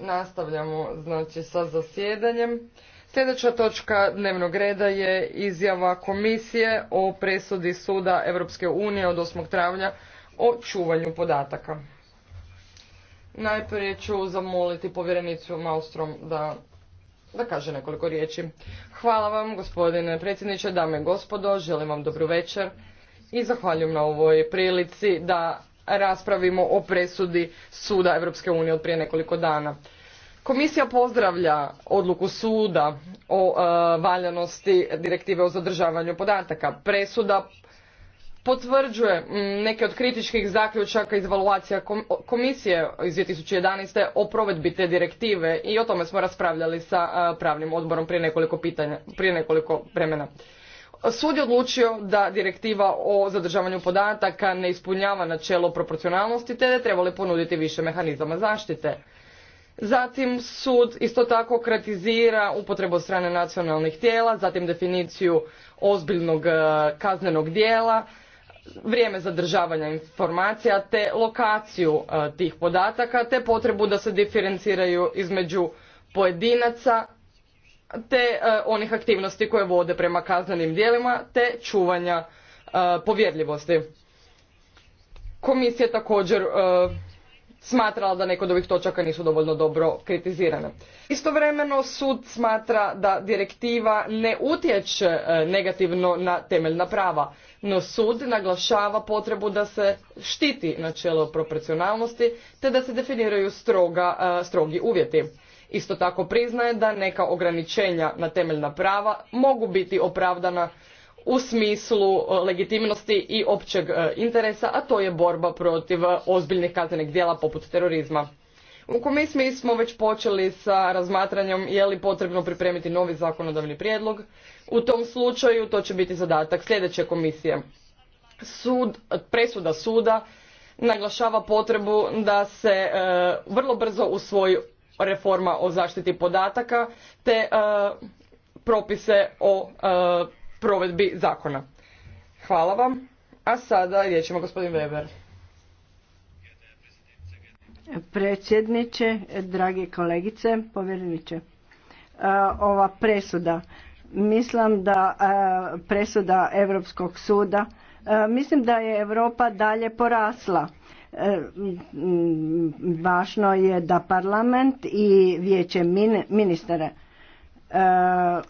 Nastavljamo znači sa zasjedanjem. Sljedeća točka dnevnog reda je izjava komisije o presudi suda Europske unije od 8. travnja o čuvanju podataka. Najprije ću zamoliti povjerenicu Maustrom da, da kaže nekoliko riječi. Hvala vam gospodine predsjedniče, dame i gospodo, želim vam dobru večer i zahvaljujem na ovoj prilici da raspravimo o presudi suda Europske unije od prije nekoliko dana. Komisija pozdravlja odluku suda o e, valjanosti direktive o zadržavanju podataka. Presuda potvrđuje neke od kritičkih zaključaka iz evaluacija komisije iz 2011. o provedbi te direktive i o tome smo raspravljali sa e, pravnim odborom prije nekoliko, prije nekoliko vremena. Sud je odlučio da direktiva o zadržavanju podataka ne ispunjava načelo proporcionalnosti te da je trebali ponuditi više mehanizama zaštite. Zatim sud isto tako kritizira upotrebu strane nacionalnih tijela, zatim definiciju ozbiljnog e, kaznenog dijela, vrijeme zadržavanja informacija te lokaciju e, tih podataka te potrebu da se diferenciraju između pojedinaca te e, onih aktivnosti koje vode prema kaznenim djelima te čuvanja e, povjerljivosti. Komisija je također e, smatrala da neke od ovih točaka nisu dovoljno dobro kritizirane. Istovremeno sud smatra da direktiva ne utječe negativno na temeljna prava, no sud naglašava potrebu da se štiti načelo proporcionalnosti te da se definiraju stroga, strogi uvjeti. Isto tako priznaje da neka ograničenja na temeljna prava mogu biti opravdana u smislu e, legitimnosti i općeg e, interesa, a to je borba protiv e, ozbiljnih kaznenih djela poput terorizma. U komisiji smo već počeli sa razmatranjem je li potrebno pripremiti novi zakonodavni prijedlog. U tom slučaju to će biti zadatak sljedeće komisije. Sud, presuda suda naglašava potrebu da se vrlo brzo usvoji reforma o zaštiti podataka te e, propise o e, provedbi zakona. Hvala vam. A sada riječ gospodin Weber. Predsjedniče, dragi kolegice, povjereniče, e, ova presuda, mislim da presuda Europskog suda, mislim da je Europa dalje porasla Važno je da parlament i vijeće ministara e,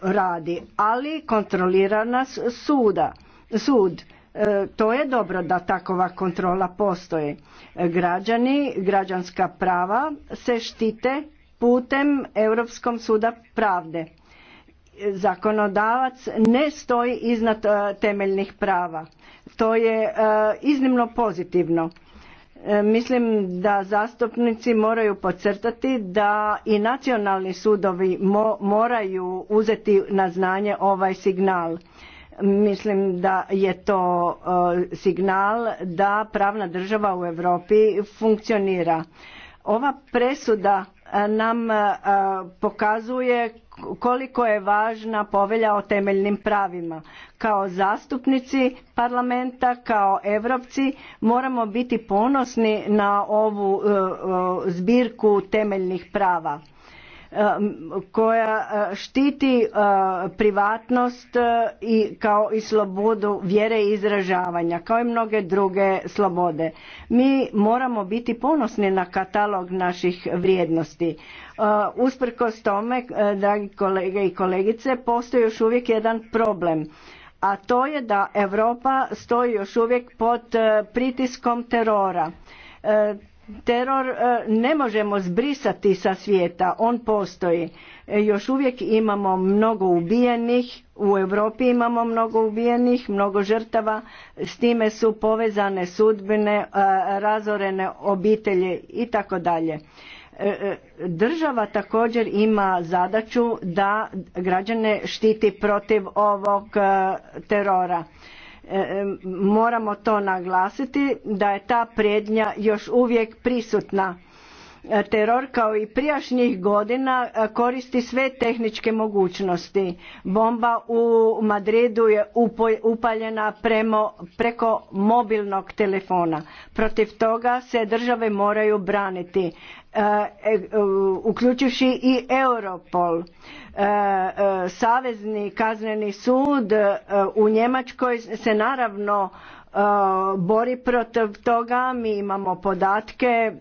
radi, ali kontrolira nas suda, sud. E, to je dobro da takova kontrola postoji. Građani, građanska prava se štite putem Europskom suda pravde. Zakonodavac ne stoji iznad e, temeljnih prava. To je iznimno pozitivno. E, mislim da zastupnici moraju podcrtati da i nacionalni sudovi moraju uzeti na znanje ovaj signal. Mislim da je to e, signal da pravna država u Europi funkcionira. Ova presuda e, nam pokazuje koliko je važna povelja o temeljnim pravima. Kao zastupnici parlamenta, kao europci moramo biti ponosni na ovu e, e, zbirku temeljnih prava Um, koja uh, štiti uh, privatnost uh, i kao i slobodu vjere i izražavanja kao i mnoge druge slobode. Mi moramo biti ponosni na katalog naših vrijednosti. Usprkos tome, dragi kolege i kolegice, postoji još uvijek jedan problem a to je da Europa stoji još uvijek pod pritiskom terora teror e, ne možemo zbrisati sa svijeta, on postoji. E, još uvijek imamo mnogo ubijenih, u Europi imamo mnogo ubijenih, mnogo žrtava, s time su povezane sudbine, e, razorene obitelje i tako dalje. Država također ima zadaću da građane štiti protiv ovog terora E, e, moramo to naglasiti da je ta prijetnja još uvijek prisutna Teror kao i prijašnjih godina e, koristi sve tehničke mogućnosti. Bomba u Madridu je upaljena preko mobilnog telefona. Protiv toga se države moraju braniti, e, e, uključujući i Europol. Savezni kazneni sud u Njemačkoj se naravno E, bori protiv toga, mi imamo podatke,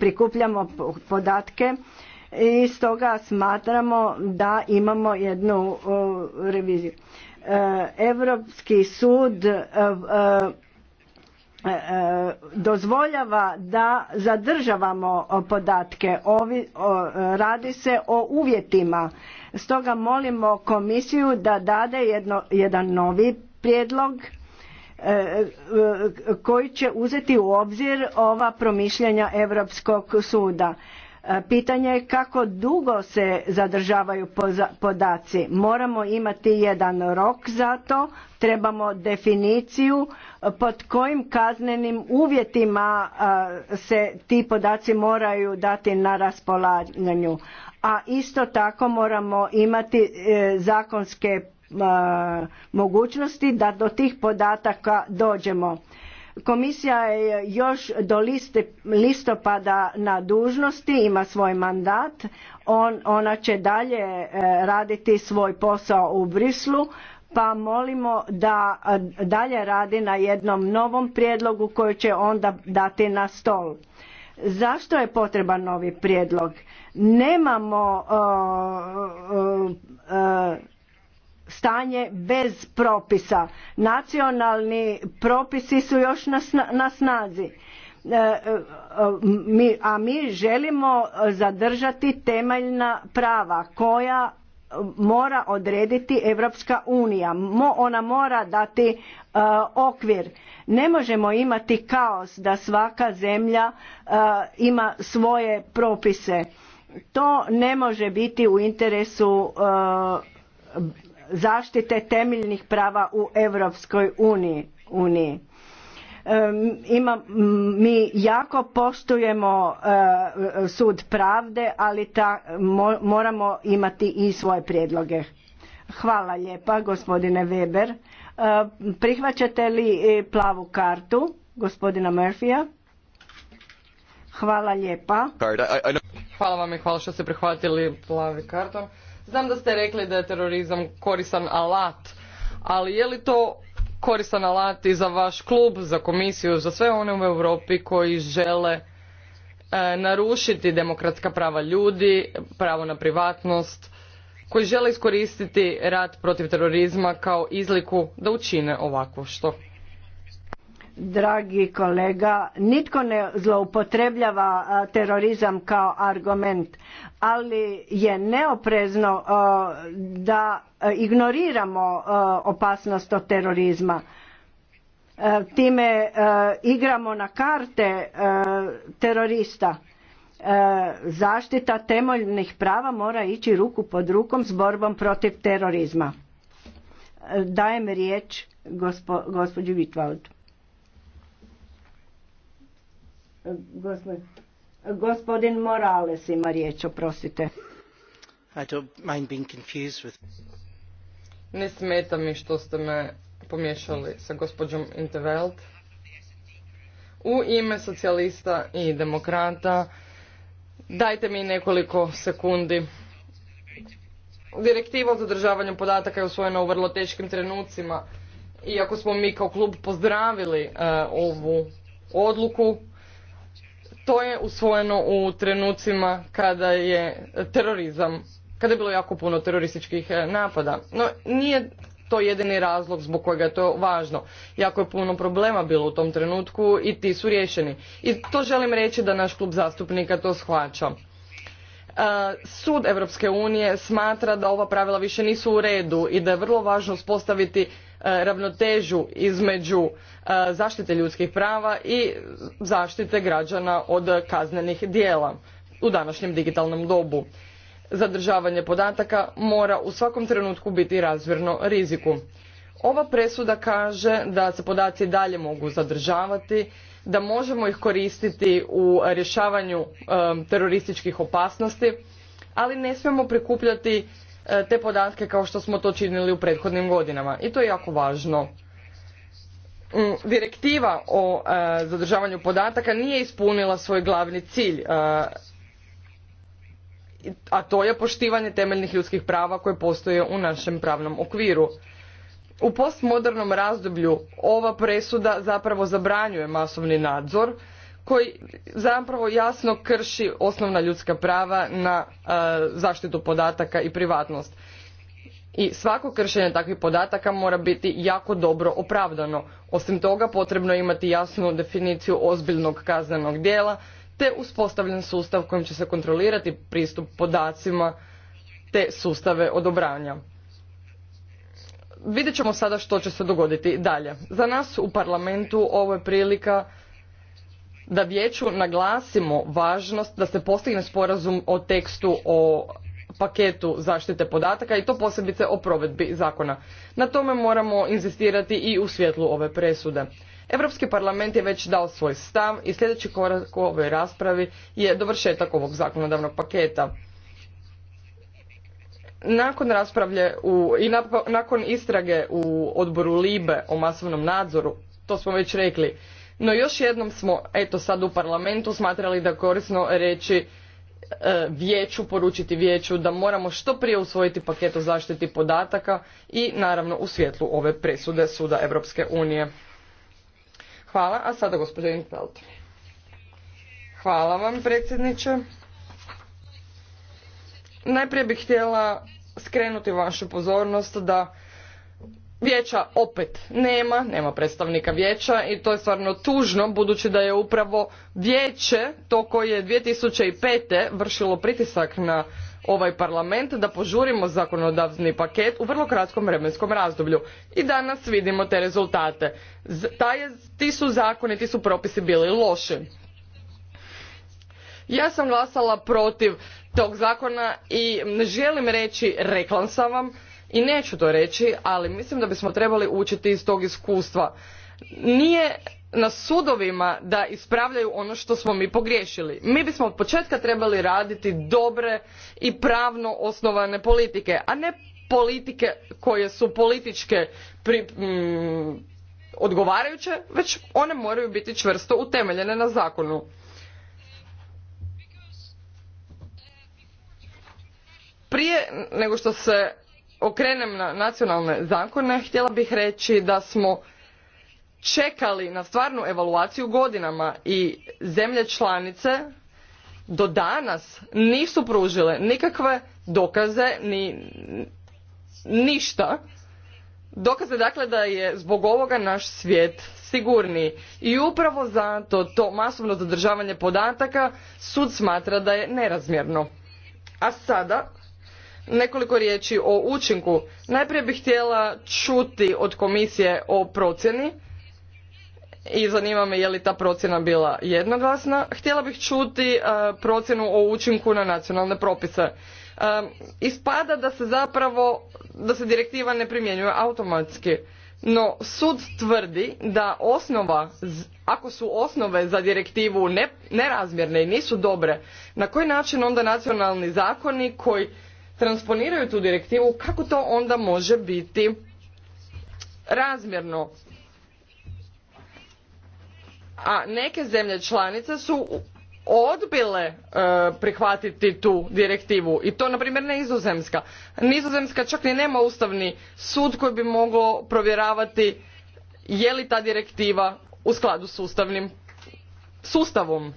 prikupljamo podatke i stoga smatramo da imamo jednu reviziju. Europski sud e, e, dozvoljava da zadržavamo podatke. radi se o uvjetima. Stoga molimo komisiju da dade jedan novi prijedlog E, e, koji će uzeti u obzir ova promišljanja Europskog suda. E, pitanje je kako dugo se zadržavaju podaci. Moramo imati jedan rok za to, trebamo definiciju pod kojim kaznenim uvjetima se ti podaci moraju dati na raspolaganju. A isto tako moramo imati zakonske mogućnosti da do tih podataka dođemo. Komisija je još do liste, listopada na dužnosti, ima svoj mandat, On, ona će dalje e, raditi svoj posao u Brislu, pa molimo da dalje radi na jednom novom prijedlogu koji će onda dati na stol. Zašto je potreban novi prijedlog? Nemamo stanje bez propisa. Nacionalni propisi su još na snazi. E, e, a mi želimo zadržati temeljna prava koja mora odrediti Europska unija. Ona mora dati e, okvir. Ne možemo imati kaos da svaka zemlja ima svoje propise. To ne može biti u interesu zaštite temeljnih prava u Europskoj uniji. mi jako poštujemo e, sud pravde, ali ta, moramo imati i svoje prijedloge. Hvala lijepa, gospodine Weber. E, prihvaćate li e, plavu kartu gospodina Murphya? Hvala lijepa. Hvala vam i hvala što ste prihvatili plavu kartu. Znam da ste rekli da je terorizam korisan alat, ali je li to koristan alat i za vaš klub, za komisiju, za sve one u Europi koji žele e, narušiti demokratska prava ljudi, pravo na privatnost, koji žele iskoristiti rat protiv terorizma kao izliku da učine ovako što? dragi kolega, nitko ne zloupotrebljava terorizam kao argument, ali je neoprezno da ignoriramo opasnost od terorizma. Time igramo na karte terorista. Zaštita temeljnih prava mora ići ruku pod rukom s borbom protiv terorizma. Dajem riječ gospođu gospođi gospodin Morales ima riječ, oprostite. I Ne smeta mi što ste me pomiješali sa gospođom Interveld. U ime socijalista i demokrata dajte mi nekoliko sekundi. Direktiva o zadržavanju podataka je usvojena u vrlo teškim trenucima. Iako smo mi kao klub pozdravili e, ovu odluku, to je usvojeno u trenucima kada je terorizam, kada je bilo jako puno terorističkih e, napada. No, nije to jedini razlog zbog kojega je to važno. Jako je puno problema bilo u tom trenutku i ti su riješeni. I to želim reći da naš klub zastupnika to shvaća. E, sud Europske unije smatra da ova pravila više nisu u redu i da je vrlo važno uspostaviti E, ravnotežu između e, zaštite ljudskih prava i zaštite građana od kaznenih djela u današnjem digitalnom dobu. Zadržavanje podataka mora u svakom trenutku biti razvjerno riziku. Ova presuda kaže da se podaci dalje mogu zadržavati, da možemo ih koristiti u rješavanju e, terorističkih opasnosti, ali ne smijemo prikupljati E, te podatke kao što smo to činili u prethodnim godinama. I to je jako važno. Mm, direktiva o e, zadržavanju podataka nije ispunila svoj glavni cilj, e, a to je poštivanje temeljnih ljudskih prava koje postoje u našem pravnom okviru. U postmodernom razdoblju ova presuda zapravo zabranjuje masovni nadzor, koji zapravo jasno krši osnovna ljudska prava na e, zaštitu podataka i privatnost i svako kršenje takvih podataka mora biti jako dobro opravdano. Osim toga potrebno je imati jasnu definiciju ozbiljnog kaznenog djela te uspostavljen sustav kojim će se kontrolirati pristup podacima te sustave odobranja. Vidjet ćemo sada što će se dogoditi dalje. Za nas u parlamentu ovo je prilika da vijeću naglasimo važnost da se postigne sporazum o tekstu o paketu zaštite podataka i to posebice o provedbi zakona. Na tome moramo inzistirati i u svjetlu ove presude. Europski parlament je već dao svoj stav i sljedeći korak u ovoj raspravi je dovršetak ovog zakonodavnog paketa. Nakon raspravlje u, i nakon istrage u odboru Libe o masovnom nadzoru, to smo već rekli, no još jednom smo, eto sad u parlamentu, smatrali da korisno reći e, vijeću, poručiti vijeću da moramo što prije usvojiti paket o zaštiti podataka i naravno u svjetlu ove presude Suda Europske unije. Hvala, a sada gospodin Hvala vam predsjedniče. Najprije bih htjela skrenuti vašu pozornost da Vijeća opet nema, nema predstavnika vijeća i to je stvarno tužno budući da je upravo vijeće to koje je 2005. vršilo pritisak na ovaj parlament da požurimo zakonodavni paket u vrlo kratkom vremenskom razdoblju. I danas vidimo te rezultate. ti su zakoni, ti su propisi bili loši. Ja sam glasala protiv tog zakona i ne želim reći, reklam sam vam, i neću to reći, ali mislim da bismo trebali učiti iz tog iskustva. Nije na sudovima da ispravljaju ono što smo mi pogriješili. Mi bismo od početka trebali raditi dobre i pravno osnovane politike, a ne politike koje su političke pri, mm, odgovarajuće, već one moraju biti čvrsto utemeljene na zakonu. Prije nego što se okrenem na nacionalne zakone htjela bih reći da smo čekali na stvarnu evaluaciju godinama i zemlje članice do danas nisu pružile nikakve dokaze ni ništa dokaze dakle da je zbog ovoga naš svijet sigurniji i upravo zato to masovno zadržavanje podataka sud smatra da je nerazmjerno a sada nekoliko riječi o učinku. Najprije bih htjela čuti od komisije o procjeni i zanima me je li ta procjena bila jednoglasna. Htjela bih čuti e, procjenu o učinku na nacionalne propise. E, ispada da se zapravo, da se direktiva ne primjenjuje automatski. No, sud tvrdi da osnova, ako su osnove za direktivu nerazmjerne i nisu dobre, na koji način onda nacionalni zakoni koji transponiraju tu direktivu, kako to onda može biti razmjerno? A neke zemlje članice su odbile e, prihvatiti tu direktivu i to na primjer nizozemska. Nizozemska čak ni nema ustavni sud koji bi mogao provjeravati je li ta direktiva u skladu s ustavnim sustavom.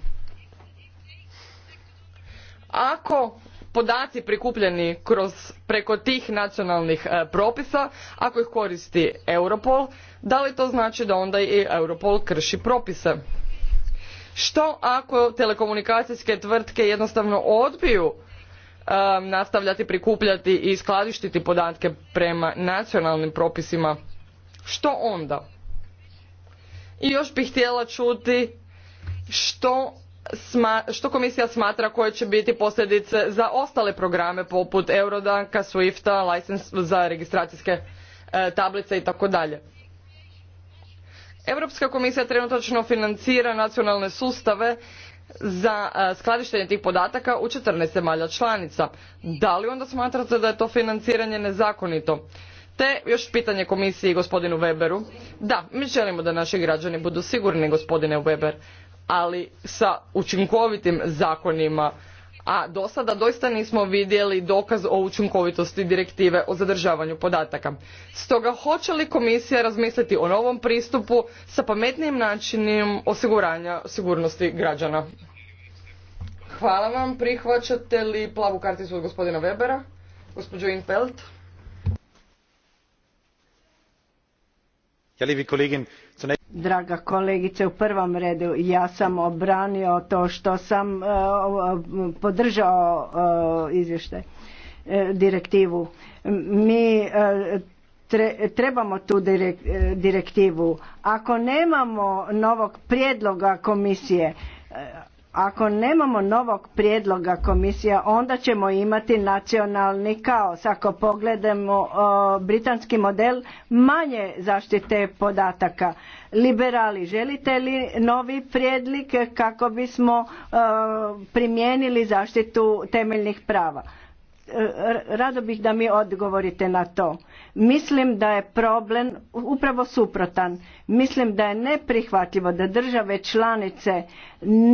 Ako podaci prikupljeni kroz preko tih nacionalnih e, propisa ako ih koristi europol da li to znači da onda i europol krši propise što ako telekomunikacijske tvrtke jednostavno odbiju e, nastavljati prikupljati i skladištiti podatke prema nacionalnim propisima što onda i još bih htjela čuti što što komisija smatra koje će biti posljedice za ostale programe poput Eurodanka, Swifta, license za registracijske e, tablice i tako dalje. Europska komisija trenutačno financira nacionalne sustave za e, skladištenje tih podataka u 14 zemalja članica. Da li onda smatrate da je to financiranje nezakonito? Te još pitanje komisiji i gospodinu Weberu. Da, mi želimo da naši građani budu sigurni, gospodine Weber ali sa učinkovitim zakonima a do sada doista nismo vidjeli dokaz o učinkovitosti direktive o zadržavanju podataka. Stoga hoće li komisija razmisliti o novom pristupu sa pametnijim načinom osiguranja sigurnosti građana? Hvala vam. Prihvaćate li plavu karticu od gospodina Webera? Gospođo Inpelt? Draga kolegice, u prvom redu ja sam obranio to što sam e, podržao e, izvještaj, e, direktivu. Mi trebamo tu direktivu. Ako nemamo novog prijedloga komisije, ako nemamo novog prijedloga komisija, onda ćemo imati nacionalni kaos. Ako pogledamo britanski model, manje zaštite podataka. Liberali, želite li novi prijedlik kako bismo primijenili zaštitu temeljnih prava? rado bih da mi odgovorite na to. Mislim da je problem upravo suprotan. Mislim da je neprihvatljivo da države članice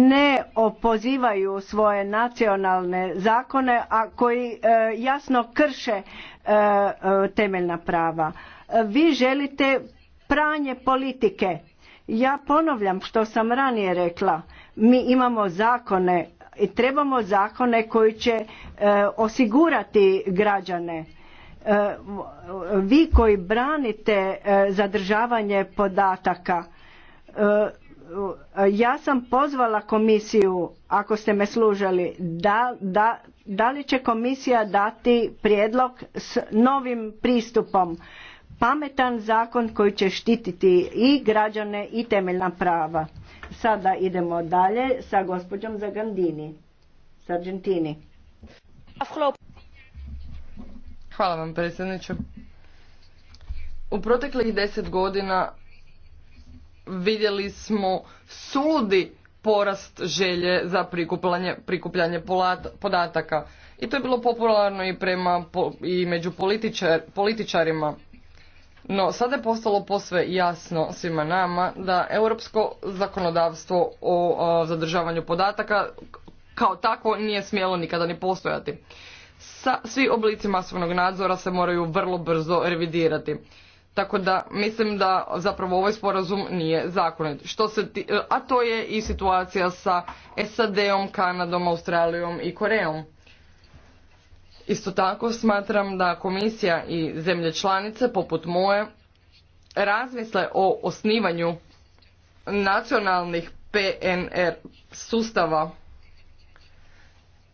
ne opozivaju svoje nacionalne zakone, a koji e, jasno krše e, e, temeljna prava. Vi želite pranje politike. Ja ponavljam što sam ranije rekla. Mi imamo zakone trebamo zakone koji će e, osigurati građane e, vi koji branite e, zadržavanje podataka ja sam pozvala komisiju ako ste me služali da, da, da li će komisija dati prijedlog s novim pristupom pametan zakon koji će štititi i građane i temeljna prava Sada idemo dalje sa gospođom Zagandini, s Argentini. Hvala vam predsjedniče. U proteklih deset godina vidjeli smo suludi porast želje za prikupljanje, podataka. I to je bilo popularno i prema i među političarima. No, sada je postalo posve jasno svima nama da europsko zakonodavstvo o zadržavanju podataka kao takvo nije smjelo nikada ni postojati. Sa, svi oblici masovnog nadzora se moraju vrlo brzo revidirati. Tako da mislim da zapravo ovaj sporazum nije zakonit. Što se a to je i situacija sa SAD-om, Kanadom, Australijom i Koreom. Isto tako smatram da komisija i zemlje članice poput moje razmisle o osnivanju nacionalnih PNR sustava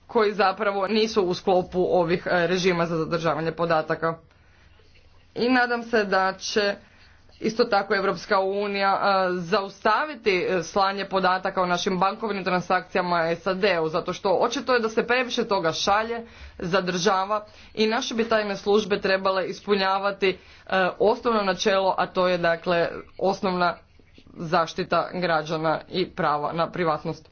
koji zapravo nisu u sklopu ovih e, režima za zadržavanje podataka. I nadam se da će isto tako Europska unija e, zaustaviti e, slanje podataka o našim bankovnim transakcijama SAD-u, zato što očito je da se previše toga šalje, zadržava i naše bi tajne službe trebale ispunjavati e, osnovno načelo, a to je dakle osnovna zaštita građana i prava na privatnost.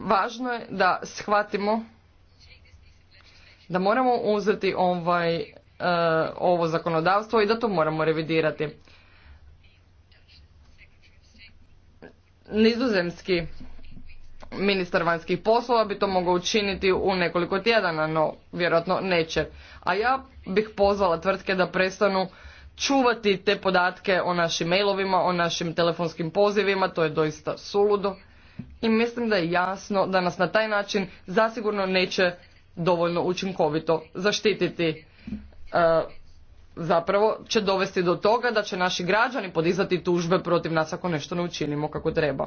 Važno je da shvatimo da moramo uzeti ovaj E, ovo zakonodavstvo i da to moramo revidirati. Nizozemski ministar vanjskih poslova bi to mogao učiniti u nekoliko tjedana, no vjerojatno neće. A ja bih pozvala tvrtke da prestanu čuvati te podatke o našim mailovima, o našim telefonskim pozivima, to je doista suludo. I mislim da je jasno da nas na taj način zasigurno neće dovoljno učinkovito zaštititi E, zapravo će dovesti do toga da će naši građani podizati tužbe protiv nas ako nešto ne učinimo kako treba.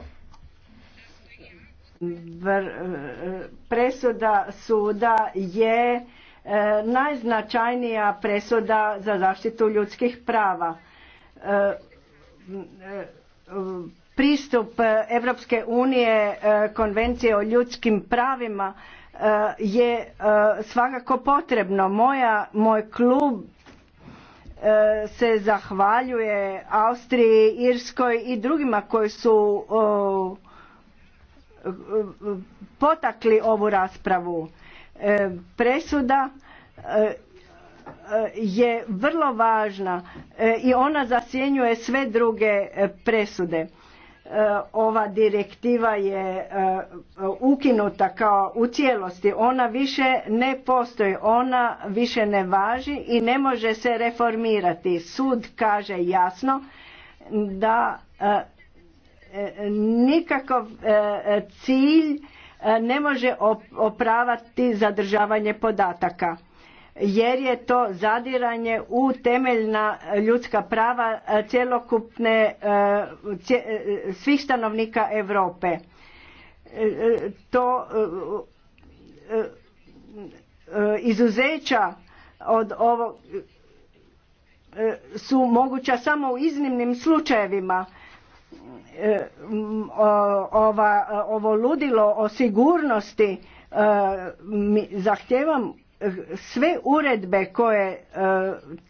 E, presuda suda je e, najznačajnija presuda za zaštitu ljudskih prava. Pristup Europske unije konvencije o ljudskim pravima Eh, je eh, svakako potrebno. moj klub eh, se zahvaljuje Austriji, Irskoj i drugima koji su potakli ovu raspravu. Presuda je vrlo važna i ona zasjenjuje sve druge presude. E, ova direktiva je e, ukinuta kao u cijelosti. Ona više ne postoji, ona više ne važi i ne može se reformirati. Sud kaže jasno da e, nikakav cilj ne može opravati zadržavanje podataka jer je to zadiranje u temeljna ljudska prava e, cjelokupne e, e, svih stanovnika Europe. To izuzeća od ovog su moguća samo u iznimnim slučajevima ovo ludilo o sigurnosti zahtijevam sve uredbe koje e,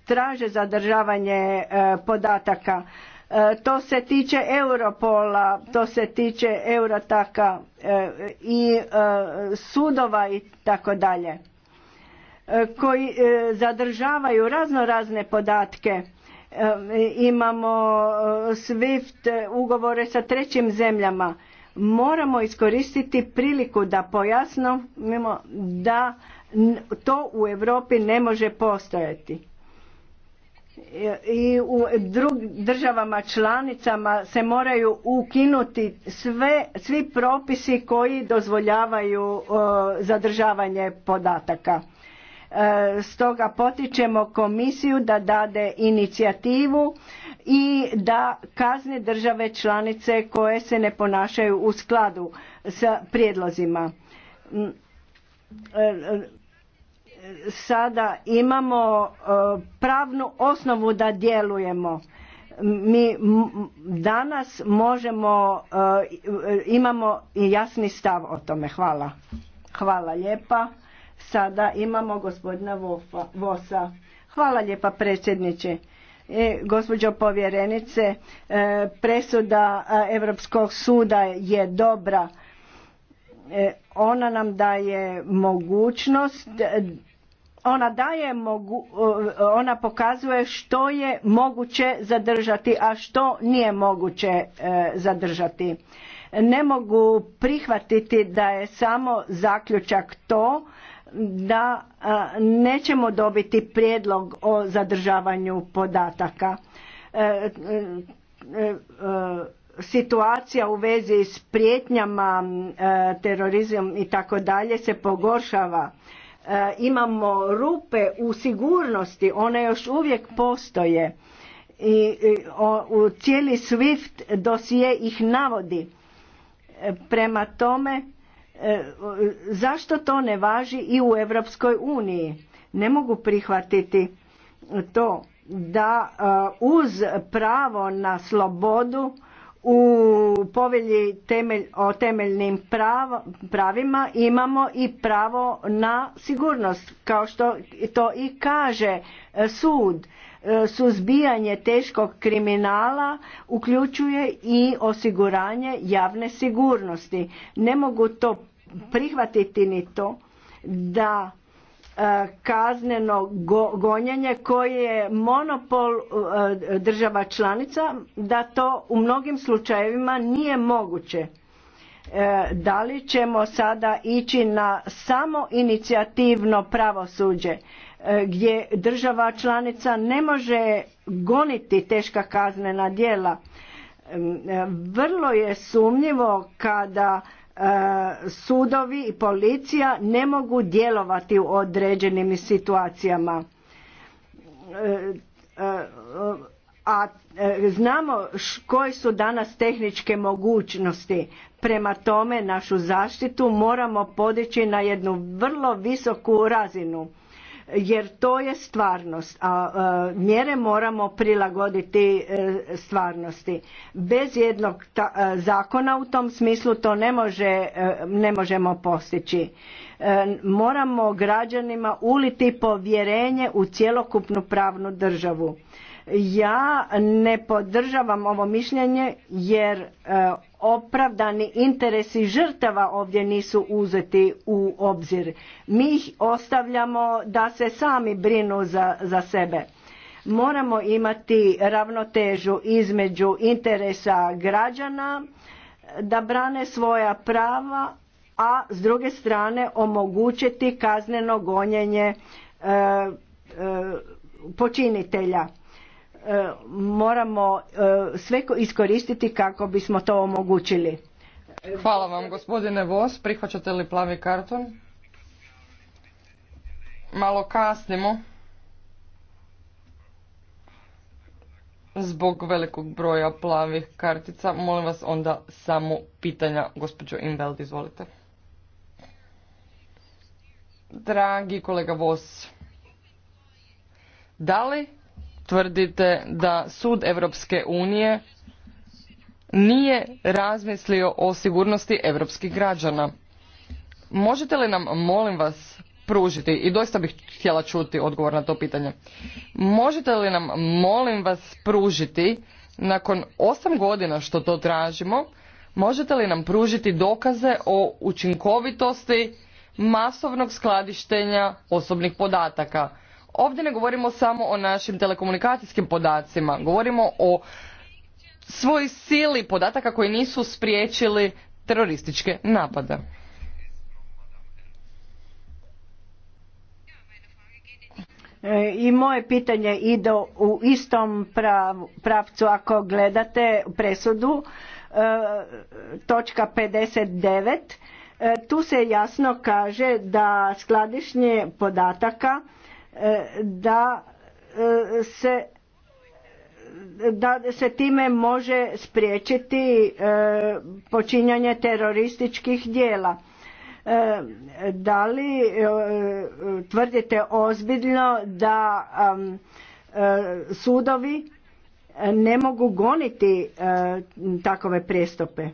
traže zadržavanje e, podataka e, to se tiče Europola, to se tiče Eurotaka i sudova i tako dalje koji zadržavaju razno razne podatke imamo SWIFT ugovore sa trećim zemljama moramo iskoristiti priliku da pojasnimo da to u Europi ne može postojati. I u drugim državama članicama se moraju ukinuti sve, svi propisi koji dozvoljavaju zadržavanje podataka. E, stoga potičemo komisiju da dade inicijativu i da kazne države članice koje se ne ponašaju u skladu sa prijedlozima. E, sada imamo e, pravnu osnovu da djelujemo mi danas možemo e, imamo i jasni stav o tome hvala hvala lijepa sada imamo gospodina Vosa hvala lijepa predsjedniče e, gospođo povjerenice e, presuda europskog suda je dobra ona nam daje mogućnost ona daje mogu, eh, ona pokazuje što je moguće zadržati a što nije moguće eh, zadržati ne mogu prihvatiti da je samo zaključak to da eh, nećemo dobiti prijedlog o zadržavanju podataka situacija u vezi s prijetnjama terorizmom i tako dalje se pogoršava E, imamo rupe u sigurnosti, one još uvijek postoje i u cijeli SWIFT dosije ih navodi. E, prema tome, e, zašto to ne važi i u Europskoj uniji? Ne mogu prihvatiti to da uz pravo na slobodu u povelji temelj, o temeljnim pravima imamo i pravo na sigurnost kao što to i kaže e, sud e, suzbijanje teškog kriminala uključuje i osiguranje javne sigurnosti ne mogu to prihvatiti ni to da E, kazneno gonjenje koje je monopol e, država članica da to u mnogim slučajevima nije moguće. E, da li ćemo sada ići na samo inicijativno pravosuđe gdje država članica ne može goniti teška kaznena djela? Vrlo je sumnjivo kada E, sudovi i policija ne mogu djelovati u određenim situacijama e, e, a znamo koje su danas tehničke mogućnosti prema tome našu zaštitu moramo podići na jednu vrlo visoku razinu jer to je stvarnost, a mjere moramo prilagoditi e, stvarnosti. Bez jednog e, zakona u tom smislu to ne, e, ne možemo postići. Moramo građanima uliti povjerenje u cjelokupnu pravnu državu ja ne podržavam ovo mišljenje jer e, opravdani interesi žrtava ovdje nisu uzeti u obzir. Mi ih ostavljamo da se sami brinu za, za sebe. Moramo imati ravnotežu između interesa građana da brane svoja prava, a s druge strane omogućiti kazneno gonjenje e, e, počinitelja E, moramo e, sve iskoristiti kako bismo to omogućili. Hvala vam gospodine Vos, prihvaćate li plavi karton? Malo kasnimo. Zbog velikog broja plavih kartica, molim vas onda samo pitanja, gospođo Inveld, izvolite. Dragi kolega Vos, da li tvrdite da sud Europske unije nije razmislio o sigurnosti europskih građana. Možete li nam, molim vas, pružiti, i doista bih htjela čuti odgovor na to pitanje, možete li nam, molim vas, pružiti, nakon osam godina što to tražimo, možete li nam pružiti dokaze o učinkovitosti masovnog skladištenja osobnih podataka? ovdje ne govorimo samo o našim telekomunikacijskim podacima, govorimo o svoj sili podataka koji nisu spriječili terorističke napade. E, I moje pitanje ide u istom pravcu ako gledate presudu e, točka 59. E, tu se jasno kaže da skladišnje podataka E, da e, se da se time može spriječiti e, počinjanje terorističkih djela. Da li tvrdite ozbiljno da sudovi ne mogu goniti takove prestope?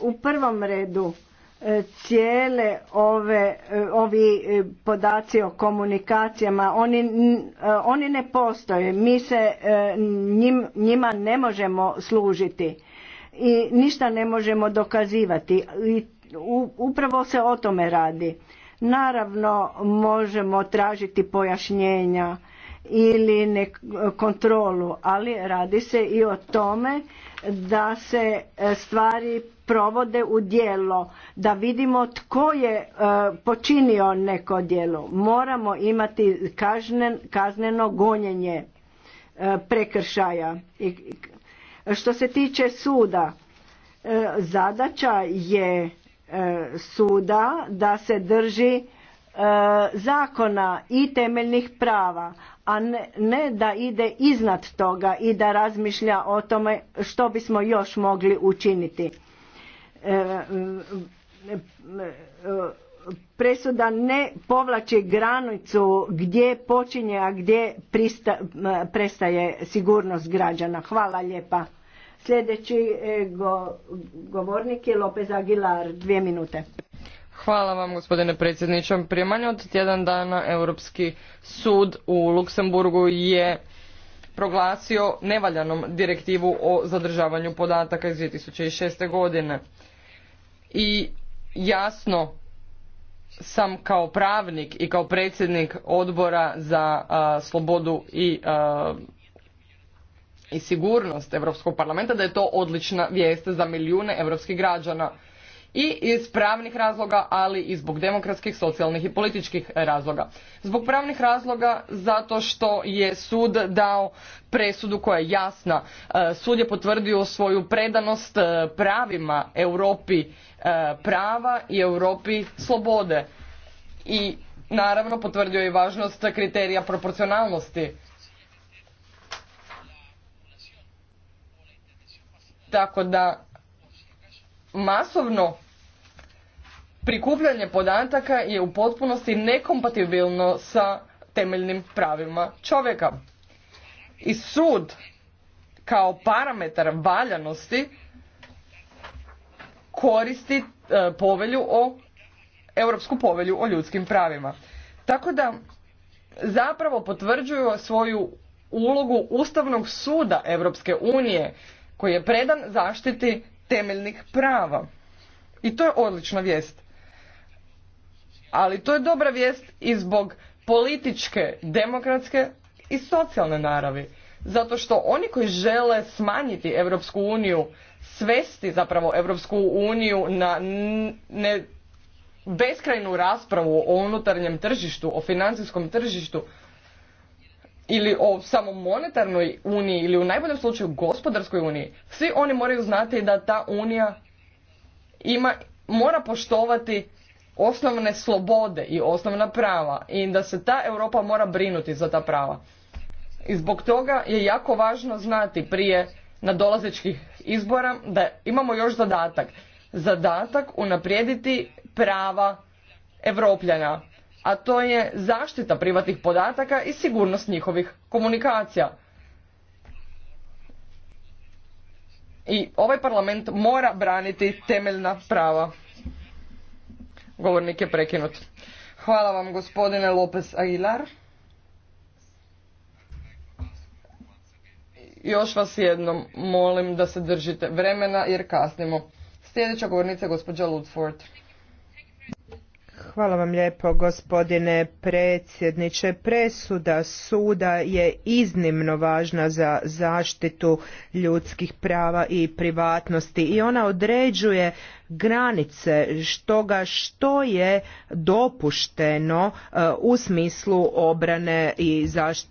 U prvom redu cijele ove, e, ovi e, podaci o komunikacijama, oni, e, oni ne postoje, mi se njima ne možemo služiti i ništa ne možemo dokazivati i upravo se o tome radi. Naravno možemo tražiti pojašnjenja ili ne, kontrolu, ali radi se i o tome da se stvari provode u djelo da vidimo tko je e, počinio neko djelo moramo imati kažnen, kazneno gonjenje e, prekršaja što se tiče suda e, zadaća je suda da se drži zakona i temeljnih prava a ne, ne da ide iznad toga i da razmišlja o tome što bismo još mogli učiniti presuda ne povlači granicu gdje počinje, a gdje prestaje sigurnost građana. Hvala lijepa. Sljedeći e, govornik je Lopez Aguilar, dvije minute. Hvala vam gospodine predsjedniče. Prije manje od tjedan dana Europski sud u Luksemburgu je proglasio nevaljanom direktivu o zadržavanju podataka iz 2006. godine i jasno sam kao pravnik i kao predsjednik odbora za slobodu i, i sigurnost Europskog parlamenta da je to odlična vijest za milijune europskih građana i iz pravnih razloga, ali i zbog demokratskih, socijalnih i političkih razloga. Zbog pravnih razloga zato što je sud dao presudu koja je jasna. E, sud je potvrdio svoju predanost e, pravima Europi e, prava i Europi slobode. I naravno potvrdio je važnost kriterija proporcionalnosti. Tako da masovno prikupljanje podataka je u potpunosti nekompatibilno sa temeljnim pravima čovjeka. I sud kao parametar valjanosti koristi e, povelju o Europsku povelju o ljudskim pravima. Tako da zapravo potvrđuju svoju ulogu Ustavnog suda Europske unije koji je predan zaštiti temeljnih prava. I to je odlična vijest ali to je dobra vijest i zbog političke, demokratske i socijalne naravi. Zato što oni koji žele smanjiti Europsku uniju, svesti zapravo Europsku uniju na ne beskrajnu raspravu o unutarnjem tržištu, o financijskom tržištu ili o samo monetarnoj uniji ili u najboljem slučaju gospodarskoj uniji, svi oni moraju znati da ta unija ima, mora poštovati osnovne slobode i osnovna prava i da se ta Europa mora brinuti za ta prava. I zbog toga je jako važno znati prije nadolazećih izbora da imamo još zadatak. Zadatak unaprijediti prava Evropljana, a to je zaštita privatnih podataka i sigurnost njihovih komunikacija. I ovaj parlament mora braniti temeljna prava. Govornik je prekinut. Hvala vam gospodine Lopez Aguilar. Još vas jednom molim da se držite vremena jer kasnimo. Sljedeća govornica je gospođa Ludford. Hvala vam lijepo gospodine predsjedniče. Presuda suda je iznimno važna za zaštitu ljudskih prava i privatnosti i ona određuje granice toga što je dopušteno e, u smislu obrane i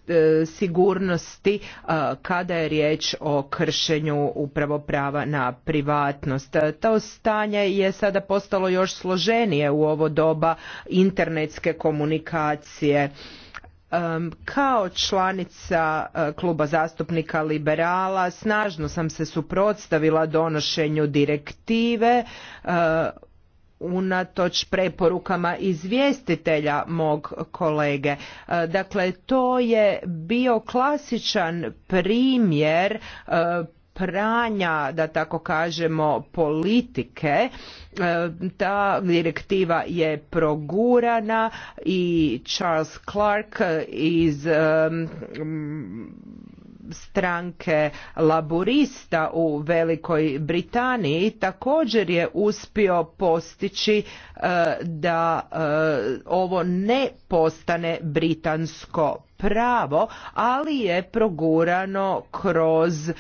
e, sigurnosti e, kada je riječ o kršenju upravo prava na privatnost. To stanje je sada postalo još složenije u ovo doba internetske komunikacije kao članica e, kluba zastupnika liberala snažno sam se suprotstavila donošenju direktive e, unatoč preporukama izvjestitelja mog kolege. E, dakle, to je bio klasičan primjer pranja, da tako kažemo, politike E, ta direktiva je progurana i Charles Clark iz stranke laburista u Velikoj Britaniji također je uspio postići e, da e, ovo ne postane britansko pravo, ali je progurano kroz e,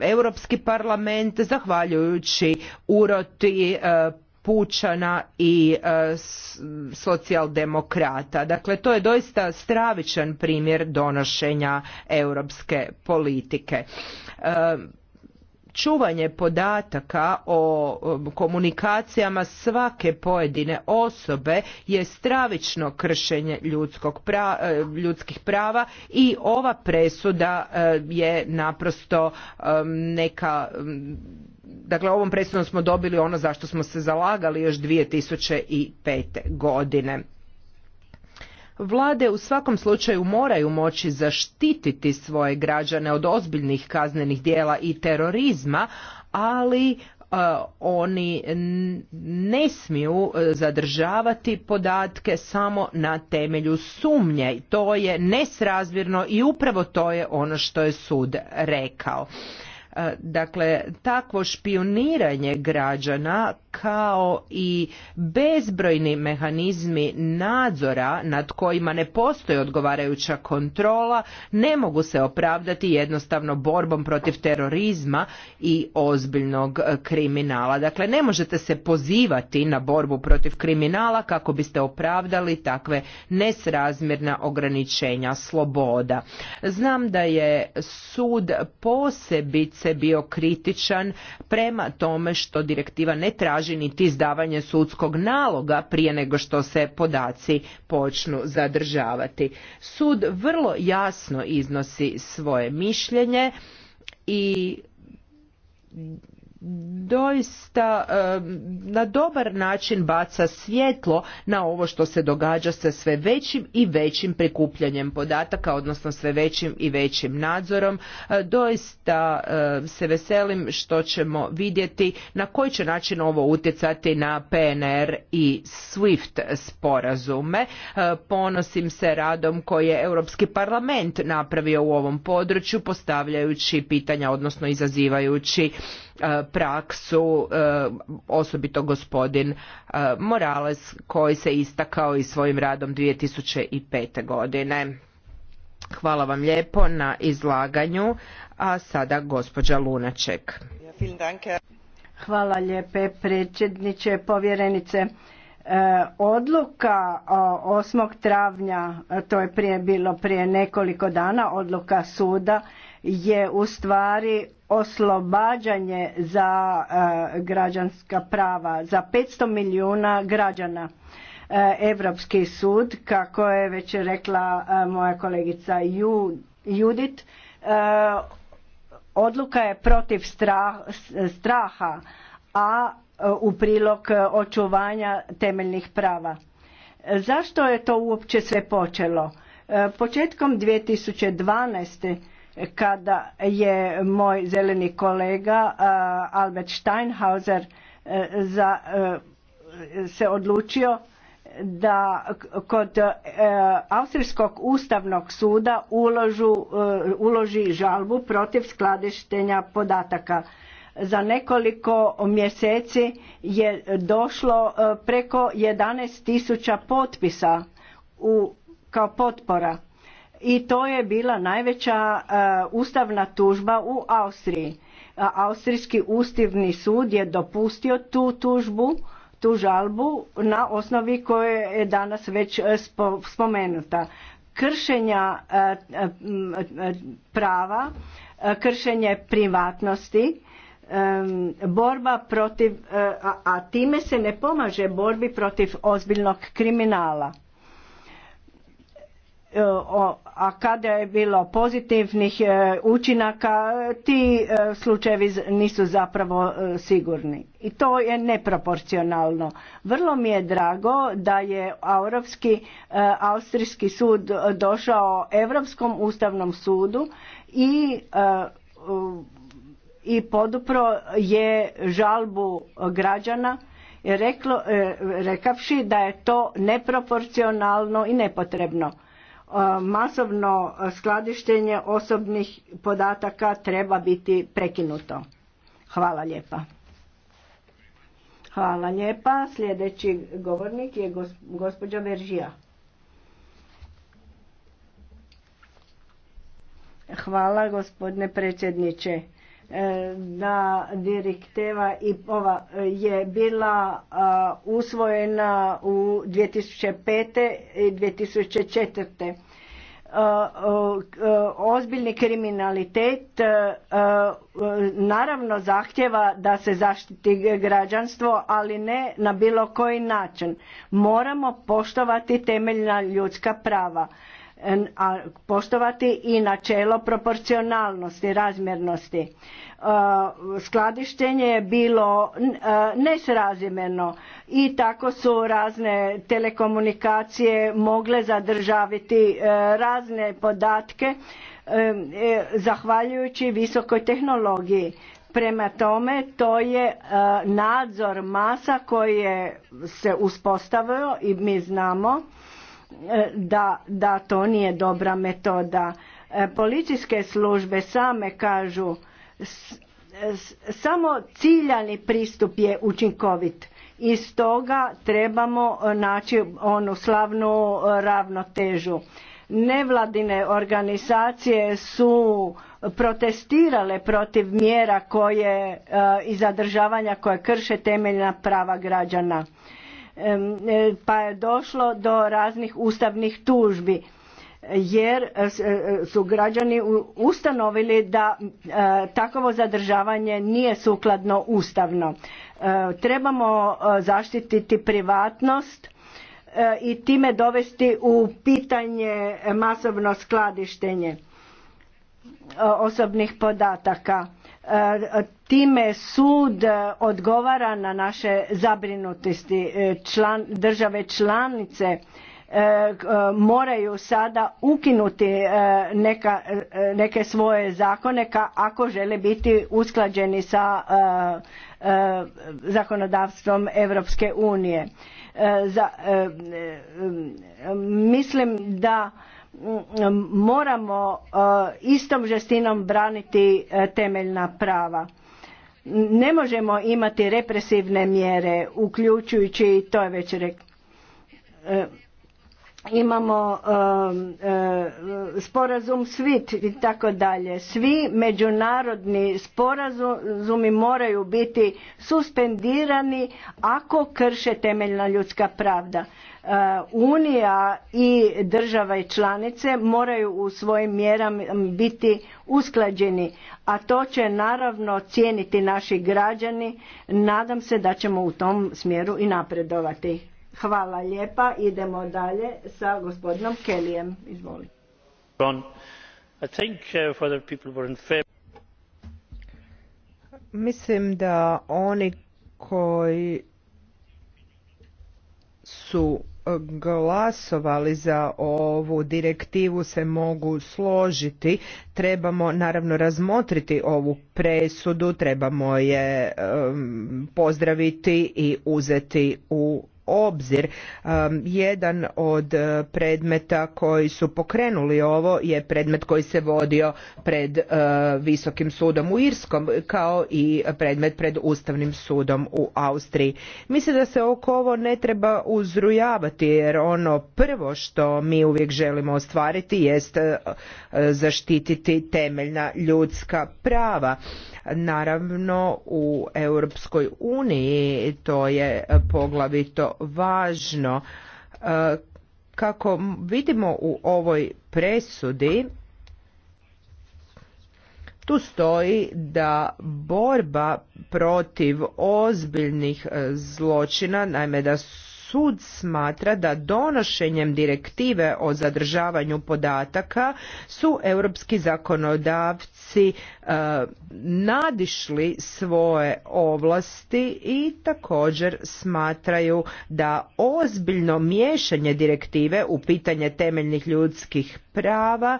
Europski parlament zahvaljujući uroti pučana i e, socijaldemokrata. Dakle, to je doista stravičan primjer donošenja europske politike. E, čuvanje podataka o komunikacijama svake pojedine osobe je stravično kršenje e, ljudskih prava i ova presuda e, je naprosto neka dakle ovom presudom smo dobili ono što smo se zalagali još 2005. godine. Vlade u svakom slučaju moraju moći zaštititi svoje građane od ozbiljnih kaznenih dijela i terorizma, ali e, oni ne smiju zadržavati podatke samo na temelju sumnje. To je nesrazmjerno i upravo to je ono što je sud rekao. Dakle, takvo špioniranje građana kao i bezbrojni mehanizmi nadzora nad kojima ne postoji odgovarajuća kontrola ne mogu se opravdati jednostavno borbom protiv terorizma i ozbiljnog kriminala. Dakle, ne možete se pozivati na borbu protiv kriminala kako biste opravdali takve nesrazmjerna ograničenja sloboda. Znam da je sud posebice bio kritičan prema tome što direktiva ne traži traži niti izdavanje sudskog naloga prije nego što se podaci počnu zadržavati. Sud vrlo jasno iznosi svoje mišljenje i doista e, na dobar način baca svjetlo na ovo što se događa sa sve većim i većim prikupljanjem podataka, odnosno sve većim i većim nadzorom. E, doista e, se veselim što ćemo vidjeti na koji će način ovo utjecati na PNR i SWIFT sporazume. Ponosim se radom koji je Europski parlament napravio u ovom području postavljajući pitanja, odnosno izazivajući E, praksu, e, osobito gospodin e, Morales koji se istakao i svojim radom 2005. godine. Hvala vam lijepo na izlaganju, a sada gospođa Lunaček. Hvala lijepe predsjedniče, povjerenice. Odluka 8. travnja, to je prije bilo prije nekoliko dana, odluka suda je u stvari oslobađanje za e, građanska prava za 500 milijuna građana. Europski sud, kako je već rekla e, moja kolegica Judit, e, odluka je protiv straha, a u prilog očuvanja temeljnih prava. Zašto je to uopće sve počelo? Početkom 2012 kada je moj zeleni kolega Albert Steinhauser e, za, e, se odlučio da kod e, Austrijskog ustavnog suda uloži žalbu protiv skladištenja podataka. Za nekoliko mjeseci je došlo preko 11.000 potpisa u, kao potpora i to je bila najveća e, ustavna tužba u Austriji. Austrijski ustavni sud je dopustio tu tužbu, tu žalbu na osnovi koje je danas već e, spomenuta. Kršenja e, prava, kršenje privatnosti, borba protiv, a time se ne pomaže borbi protiv ozbiljnog kriminala E, a kada je bilo pozitivnih e, učinaka ti e, slučajevi nisu zapravo sigurni i to je neproporcionalno. Vrlo mi je drago da je europski Austrijski sud došao Europskom ustavnom sudu i i podupro je žalbu građana reklo, rekavši da je to neproporcionalno i nepotrebno masovno skladištenje osobnih podataka treba biti prekinuto. Hvala lijepa. Hvala lijepa. Sljedeći govornik je gospođa Veržija. Hvala gospodine predsjedniče da e, direktiva i ova e, je bila e, usvojena u 2005. i 2004 ozbiljni kriminalitet naravno zahtjeva da se zaštiti građanstvo, ali ne na bilo koji način. Moramo poštovati temeljna ljudska prava a poštovati i načelo proporcionalnosti, razmjernosti. E, skladištenje je bilo e, nesrazimeno i tako su razne telekomunikacije mogle zadržaviti e, razne podatke zahvaljujući visokoj tehnologiji. Prema tome, to je nadzor masa koji se uspostavio i mi znamo E, da, da to nije dobra metoda. E, policijske službe same kažu samo ciljani pristup je učinkovit i stoga trebamo naći onu slavnu ravnotežu. Nevladine organizacije su protestirale protiv mjera koje e, i zadržavanja koje krše temeljna prava građana E, pa je došlo do raznih ustavnih tužbi jer e, e, su građani ustanovili da takovo zadržavanje nije sukladno ustavno. Trebamo zaštititi privatnost i time dovesti u pitanje masovno skladištenje osobnih podataka E, time sud odgovara na naše zabrinutosti e, države članice e, moraju sada ukinuti neke svoje zakone ako žele biti usklađeni sa zakonodavstvom Europske unije. Mislim da moramo e, istom žestinom braniti e, temeljna prava. Ne možemo imati represivne mjere, uključujući i to je već rekao. E, imamo sporazum Svit i tako dalje. Svi međunarodni sporazumi moraju biti suspendirani ako krše temeljna ljudska pravda E, Unija i države članice moraju u svojim mjerama biti usklađeni, a to će naravno cijeniti naši građani. Nadam se da ćemo u tom smjeru i napredovati. Hvala lijepa. Idemo dalje sa gospodinom Kelijem. Izvolite. Uh, Mislim da oni koji su glasovali za ovu direktivu se mogu složiti. Trebamo naravno razmotriti ovu presudu, trebamo je pozdraviti i uzeti u obzir. Um, jedan od uh, predmeta koji su pokrenuli ovo je predmet koji se vodio pred uh, Visokim sudom u Irskom kao i predmet pred Ustavnim sudom u Austriji. Mislim da se oko ovo ne treba uzrujavati jer ono prvo što mi uvijek želimo ostvariti jest uh, zaštititi temeljna ljudska prava. Naravno u Europskoj uniji to je poglavito važno. Eh, kako vidimo u ovoj presudi, tu stoji da borba protiv ozbiljnih eh, zločina, najme da su sud smatra da donošenjem direktive o zadržavanju podataka su europski zakonodavci e, nadišli svoje ovlasti i također smatraju da ozbiljno miješanje direktive u pitanje temeljnih ljudskih prava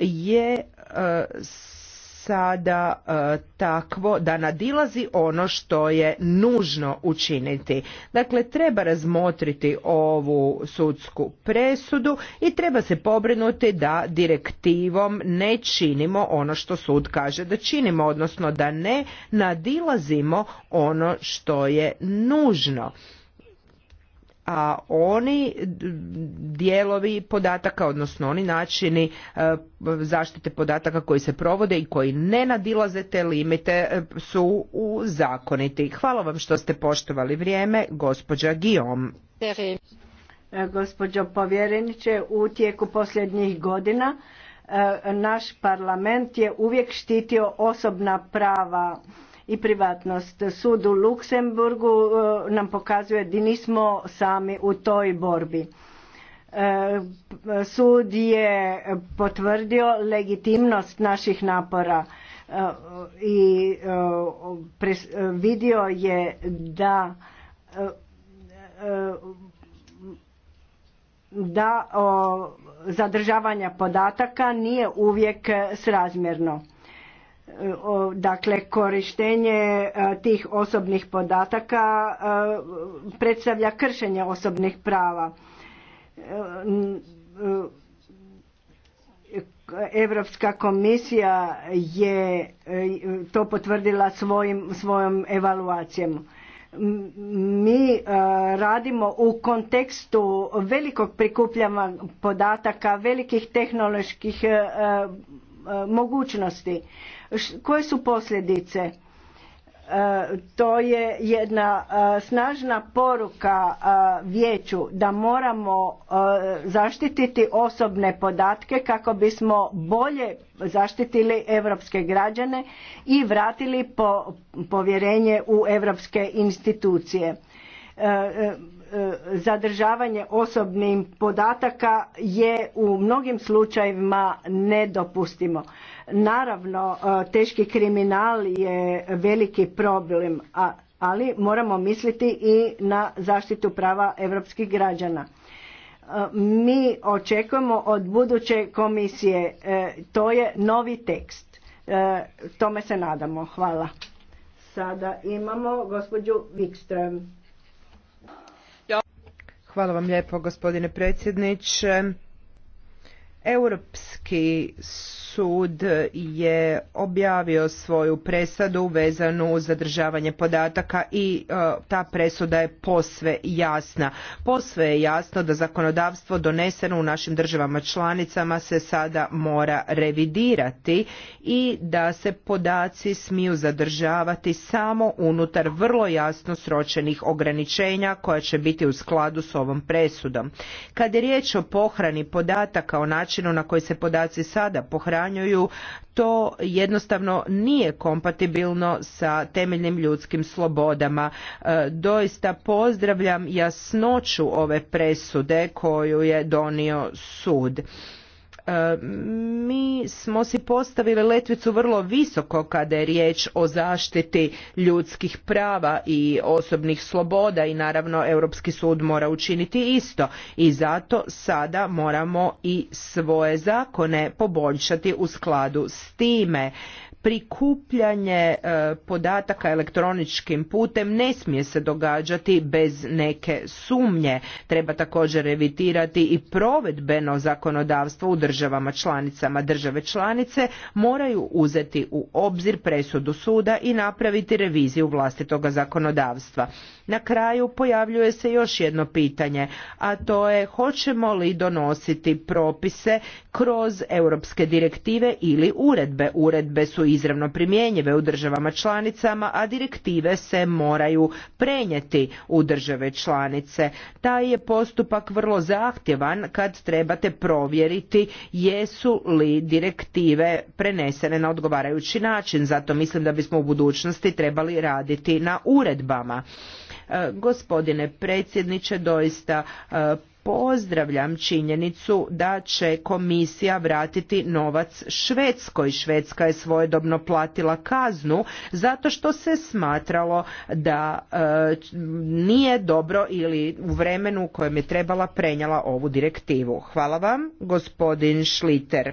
je e, sada e, takvo da nadilazi ono što je nužno učiniti. Dakle, treba razmotriti ovu sudsku presudu i treba se pobrinuti da direktivom ne činimo ono što sud kaže da činimo, odnosno da ne nadilazimo ono što je nužno a oni dijelovi podataka, odnosno oni načini e, zaštite podataka koji se provode i koji ne nadilaze te limite e, su u zakoniti. Hvala vam što ste poštovali vrijeme, gospođa Guillaume. E, gospođo povjereniče, u tijeku posljednjih godina naš parlament je uvijek štitio osobna prava i privatnost. Sud u Luksemburgu e, nam pokazuje da nismo sami u toj borbi. E, sud je potvrdio legitimnost naših napora e, i vidio je da da zadržavanja podataka nije uvijek srazmjerno dakle korištenje e, tih osobnih podataka e, predstavlja kršenje osobnih prava. E, Evropska komisija je to potvrdila svojim, svojom evaluacijom. Mi radimo u kontekstu velikog prikupljanja podataka, velikih tehnoloških mogućnosti koje su posljedice? E, to je jedna e, snažna poruka e, vijeću da moramo zaštititi osobne podatke kako bismo bolje zaštitili europske građane i vratili povjerenje u europske institucije E, zadržavanje osobnih podataka je u mnogim slučajevima nedopustimo. Naravno, e, teški kriminal je veliki problem, ali moramo misliti i na zaštitu prava europskih građana. E, mi očekujemo od buduće komisije, to je novi tekst. Tome se nadamo. Hvala. Sada imamo gospođu Wikström. Hvala vam lijepo gospodine predsjedniče. Europski sud je objavio svoju presadu vezanu uz zadržavanje podataka i e, ta presuda je posve jasna. Posve je jasno da zakonodavstvo doneseno u našim državama članicama se sada mora revidirati i da se podaci smiju zadržavati samo unutar vrlo jasno sročenih ograničenja koja će biti u skladu s ovom presudom. Kad je riječ o pohrani podataka o načinu na koji se podaci sada pohranjaju zabranjuju to jednostavno nije kompatibilno sa temeljnim ljudskim slobodama. E, doista pozdravljam jasnoću ove presude koju je donio sud. E, mi smo si postavili letvicu vrlo visoko kada je riječ o zaštiti ljudskih prava i osobnih sloboda i naravno Europski sud mora učiniti isto i zato sada moramo i svoje zakone poboljšati u skladu s time prikupljanje e, podataka elektroničkim putem ne smije se događati bez neke sumnje. Treba također revitirati i provedbeno zakonodavstvo u državama članicama. Države članice moraju uzeti u obzir presudu suda i napraviti reviziju vlastitoga zakonodavstva. Na kraju pojavljuje se još jedno pitanje, a to je hoćemo li donositi propise kroz europske direktive ili uredbe. Uredbe su izravno primjenjive u državama članicama, a direktive se moraju prenijeti u države članice. Taj je postupak vrlo zahtjevan kad trebate provjeriti jesu li direktive prenesene na odgovarajući način. Zato mislim da bismo u budućnosti trebali raditi na uredbama. E, gospodine predsjedniče, doista e, pozdravljam činjenicu da će komisija vratiti novac Švedskoj. Švedska je svojedobno platila kaznu zato što se smatralo da e, nije dobro ili u vremenu u kojem je trebala prenijela ovu direktivu. Hvala vam, gospodin Šliter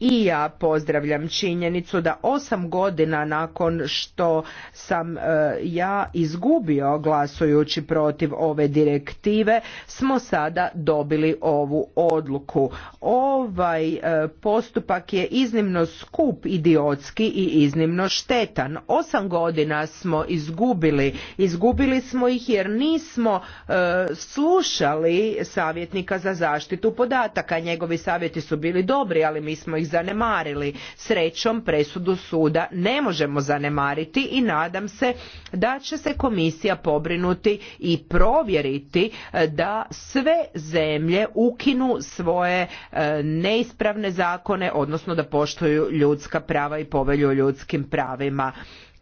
i ja pozdravljam činjenicu da osam godina nakon što sam e, ja izgubio glasujući protiv ove direktive smo sada dobili ovu odluku. Ovaj e, postupak je iznimno skup idiotski i iznimno štetan. Osam godina smo izgubili. Izgubili smo ih jer nismo e, slušali savjetnika za zaštitu podataka. Njegovi savjeti su bili dobri, ali mi smo ih zanemarili. Srećom presudu suda ne možemo zanemariti i nadam se da će se komisija pobrinuti i provjeriti e, da sve zemlje ukinu svoje e, neispravne zakone, odnosno da poštuju ljudska prava i povelju o ljudskim pravima.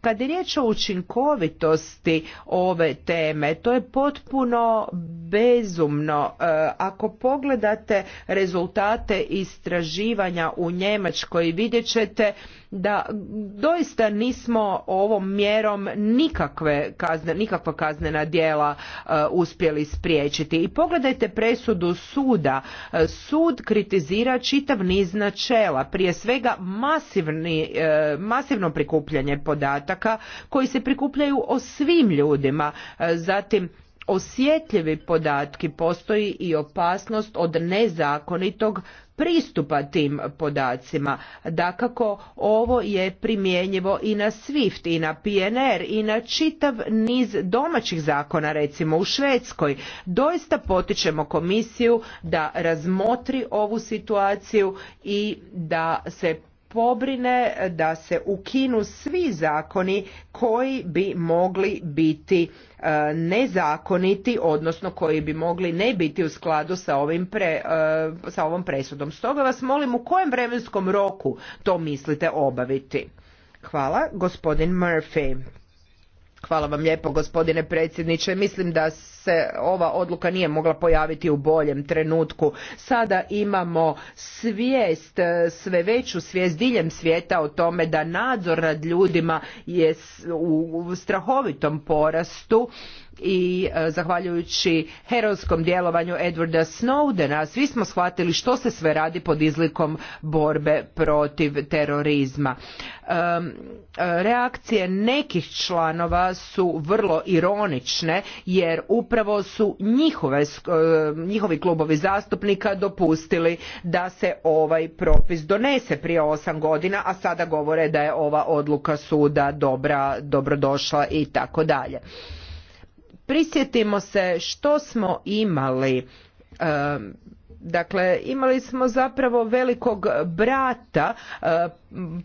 Kad je riječ o učinkovitosti ove teme, to je potpuno bezumno. E, ako pogledate rezultate istraživanja u Njemačkoj, vidjet ćete da doista nismo ovom mjerom nikakve nikakva kaznena djela e, uspjeli spriječiti. I pogledajte presudu suda. E, sud kritizira čitav niz načela, prije svega masivni, masivno prikupljanje podataka podataka koji se prikupljaju o svim ljudima. E, zatim osjetljivi podatki postoji i opasnost od nezakonitog pristupa tim podacima. Dakako, ovo je primjenjivo i na SWIFT, i na PNR, i na čitav niz domaćih zakona, recimo u Švedskoj. Doista potičemo komisiju da razmotri ovu situaciju i da se pobrine da se ukinu svi zakoni koji bi mogli biti e, nezakoniti odnosno koji bi mogli ne biti u skladu sa ovim e, sa ovom presudom. Stoga vas molim u kojem vremenskom roku to mislite obaviti. Hvala, gospodin Murphy. Hvala vam lijepo gospodine predsjedniče. Mislim da se ova odluka nije mogla pojaviti u boljem trenutku. Sada imamo svijest, sve veću svijest diljem svijeta o tome da nadzor nad ljudima je u strahovitom porastu i e, zahvaljujući herojskom djelovanju Edwarda Snowdena svi smo shvatili što se sve radi pod izlikom borbe protiv terorizma. E, reakcije nekih članova su vrlo ironične jer upravo su e, njihovi klubovi zastupnika dopustili da se ovaj propis donese prije osam godina, a sada govore da je ova odluka suda dobra, dobrodošla i tako dalje. Prisjetimo se što smo imali Dakle, imali smo zapravo velikog brata, e,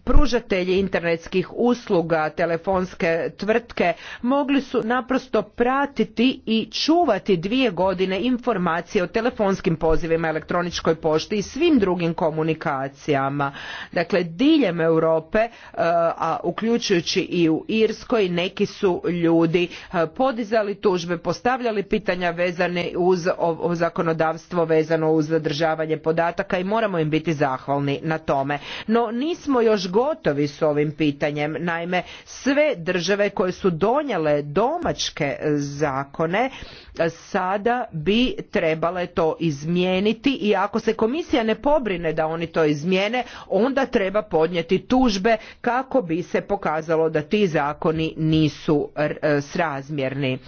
pružatelji internetskih usluga, telefonske tvrtke, mogli su naprosto pratiti i čuvati dvije godine informacije o telefonskim pozivima, elektroničkoj pošti i svim drugim komunikacijama. Dakle, diljem Europe, e, a uključujući i u Irskoj, neki su ljudi e, podizali tužbe, postavljali pitanja vezane uz zakonodavstvo vezano uz zadržavanje podataka i moramo im biti zahvalni na tome. No nismo još gotovi s ovim pitanjem. Naime, sve države koje su donijele domačke e, zakone e, sada bi trebale to izmijeniti i ako se komisija ne pobrine da oni to izmijene, onda treba podnijeti tužbe kako bi se pokazalo da ti zakoni nisu e, srazmjerni.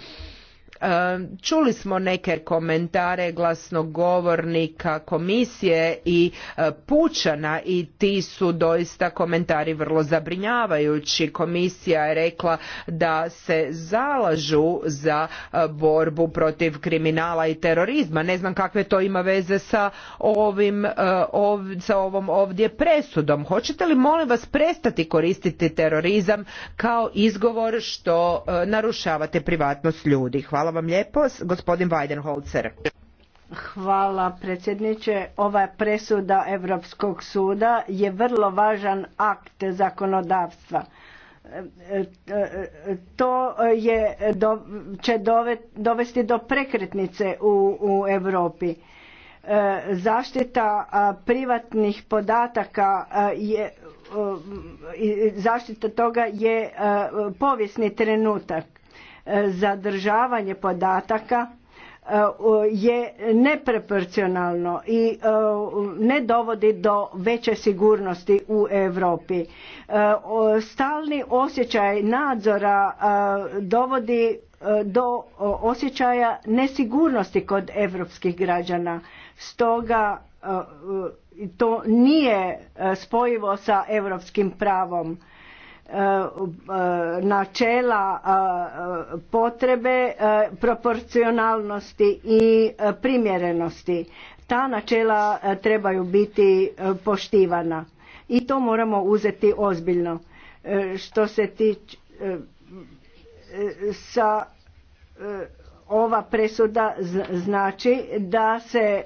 Čuli smo neke komentare glasnogovornika komisije i e, pučana i ti su doista komentari vrlo zabrinjavajući. Komisija je rekla da se zalažu za e, borbu protiv kriminala i terorizma. Ne znam kakve to ima veze sa, ovim, e, sa ovom ovdje presudom. Hoćete li molim vas prestati koristiti terorizam kao izgovor što narušavate privatnost ljudi? Hvala Gospodin Hvala predsjedniče. Ova presuda Europskog suda je vrlo važan akt zakonodavstva. E, e, e, to je, će dovesti do prekretnice u, u Europi. Zaštita privatnih podataka je zaštita toga je povijesni trenutak E, zadržavanje podataka e, je nepreporcionalno i e, ne dovodi do veće sigurnosti u Europi. Stalni osjećaj nadzora dovodi do osjećaja nesigurnosti kod europskih građana. Stoga to nije spojivo sa europskim pravom Eh, načela eh, potrebe, eh, proporcionalnosti i primjerenosti. Ta načela trebaju biti poštivana i to moramo uzeti ozbiljno. Što se tiče sa ova presuda znači da se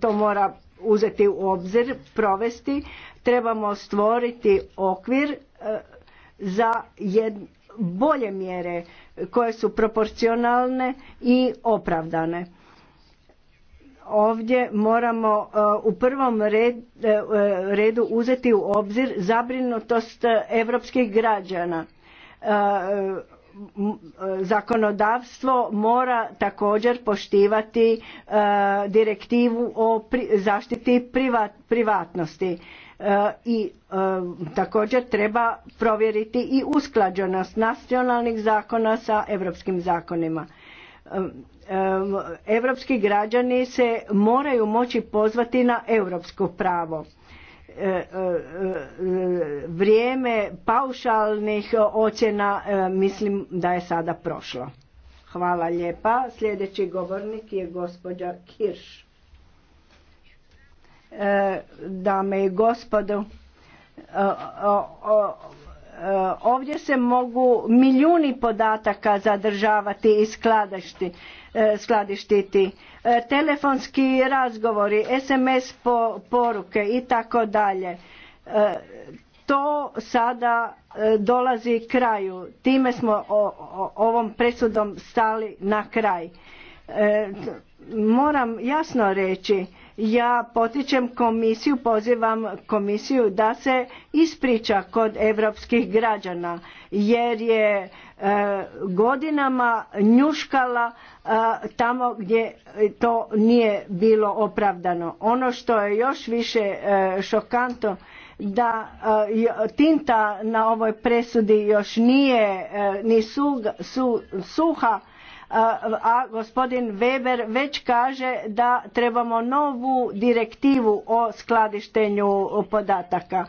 to mora uzeti u obzir, provesti, trebamo stvoriti okvir za bolje mjere koje su proporcionalne i opravdane. Ovdje moramo e, u prvom e, e, redu uzeti u obzir zabrinutost europskih građana. Zakonodavstvo mora također poštivati direktivu o zaštiti privatnosti E, i e, također treba provjeriti i usklađenost nacionalnih zakona sa europskim zakonima. Europski e, građani se moraju moći pozvati na europsko pravo. Vrijeme paušalnih ocjena mislim da je sada prošlo. Hvala lijepa. Sljedeći govornik je gospođa Kirš dame i gospodo. E, ovdje se mogu milijuni podataka zadržavati i e, skladištiti. E, telefonski razgovori, SMS poruke i tako dalje. To sada dolazi kraju. Time smo ovom presudom stali na kraj. Moram jasno reći ja potičem komisiju, pozivam komisiju da se ispriča kod europskih građana jer je e, godinama njuškala e, tamo gdje to nije bilo opravdano. Ono što je još više e, šokantno da tinta na ovoj presudi još nije ni suha a gospodin Weber već kaže da trebamo novu direktivu o skladištenju podataka.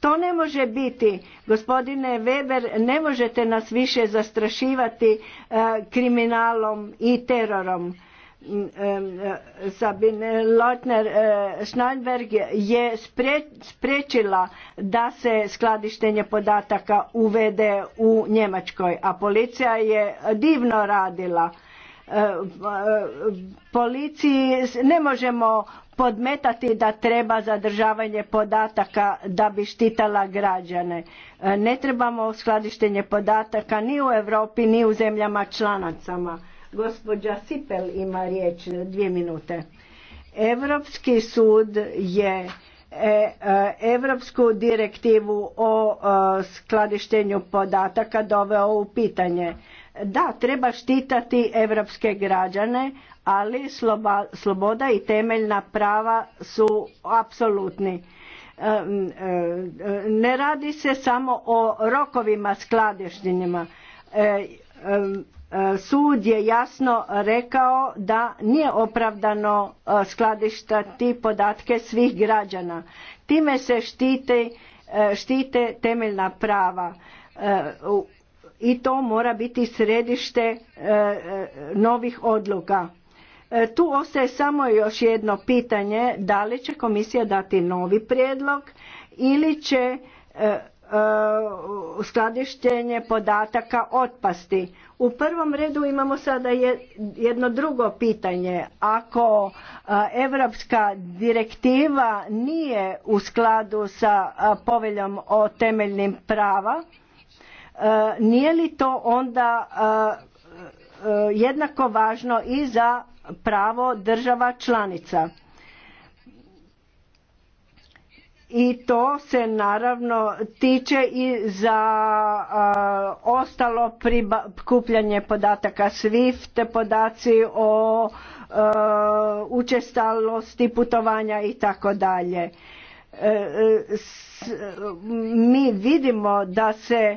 To ne može biti. Gospodine Weber, ne možete nas više zastrašivati e, kriminalom i terorom. Sabine Leutner eh, Schneinberg je sprečila da se skladištenje podataka uvede u Njemačkoj, a policija je divno radila. Eh, eh, policiji ne možemo podmetati da treba zadržavanje podataka da bi štitala građane. Ne trebamo skladištenje podataka ni u Europi ni u zemljama članicama Gospođa Sipel ima riječ dvije minute. Europski sud je europsku e, direktivu o e, skladištenju podataka doveo u pitanje. Da, treba štitati europske građane, ali sloboda i temeljna prava su apsolutni. E, ne radi se samo o rokovima skladištenjima E, sud je jasno rekao da nije opravdano e, skladištati podatke svih građana. Time se štite, e, štite temeljna prava i to mora biti središte novih odluka. Tu ostaje samo još jedno pitanje, da li će komisija dati novi prijedlog ili će E, skladištenje podataka otpasti. U prvom redu imamo sada jedno drugo pitanje. Ako Europska direktiva nije u skladu sa e, poveljom o temeljnim prava, e, nije li to onda jednako važno i za pravo država članica? i to se naravno tiče i za ostalo prikupljanje podataka SWIFT, podaci o učestalosti putovanja i tako dalje. E, mi vidimo da se e,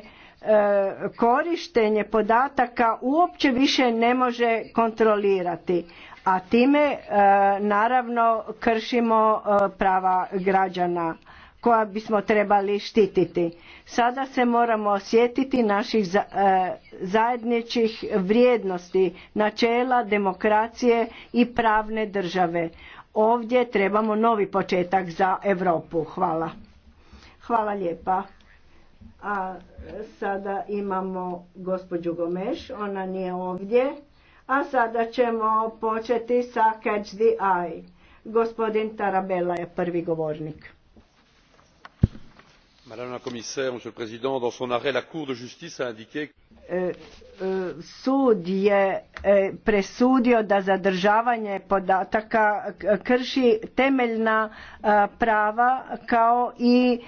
korištenje podataka uopće više ne može kontrolirati a time e, naravno kršimo e, prava građana koja bismo trebali štititi. Sada se moramo osjetiti naših e, zajedničih vrijednosti, načela demokracije i pravne države. Ovdje trebamo novi početak za Europu. Hvala. Hvala lijepa. A sada imamo gospođu Gomeš, ona nije ovdje. A sada ćemo početi sa Catch the Eye. Gospodin Tarabella je prvi govornik. Madame la commissaire, monsieur le président, dans son arrêt, la Cour de justice a indiqué e, e, sud je e, presudio da zadržavanje podataka krši temeljna prava kao i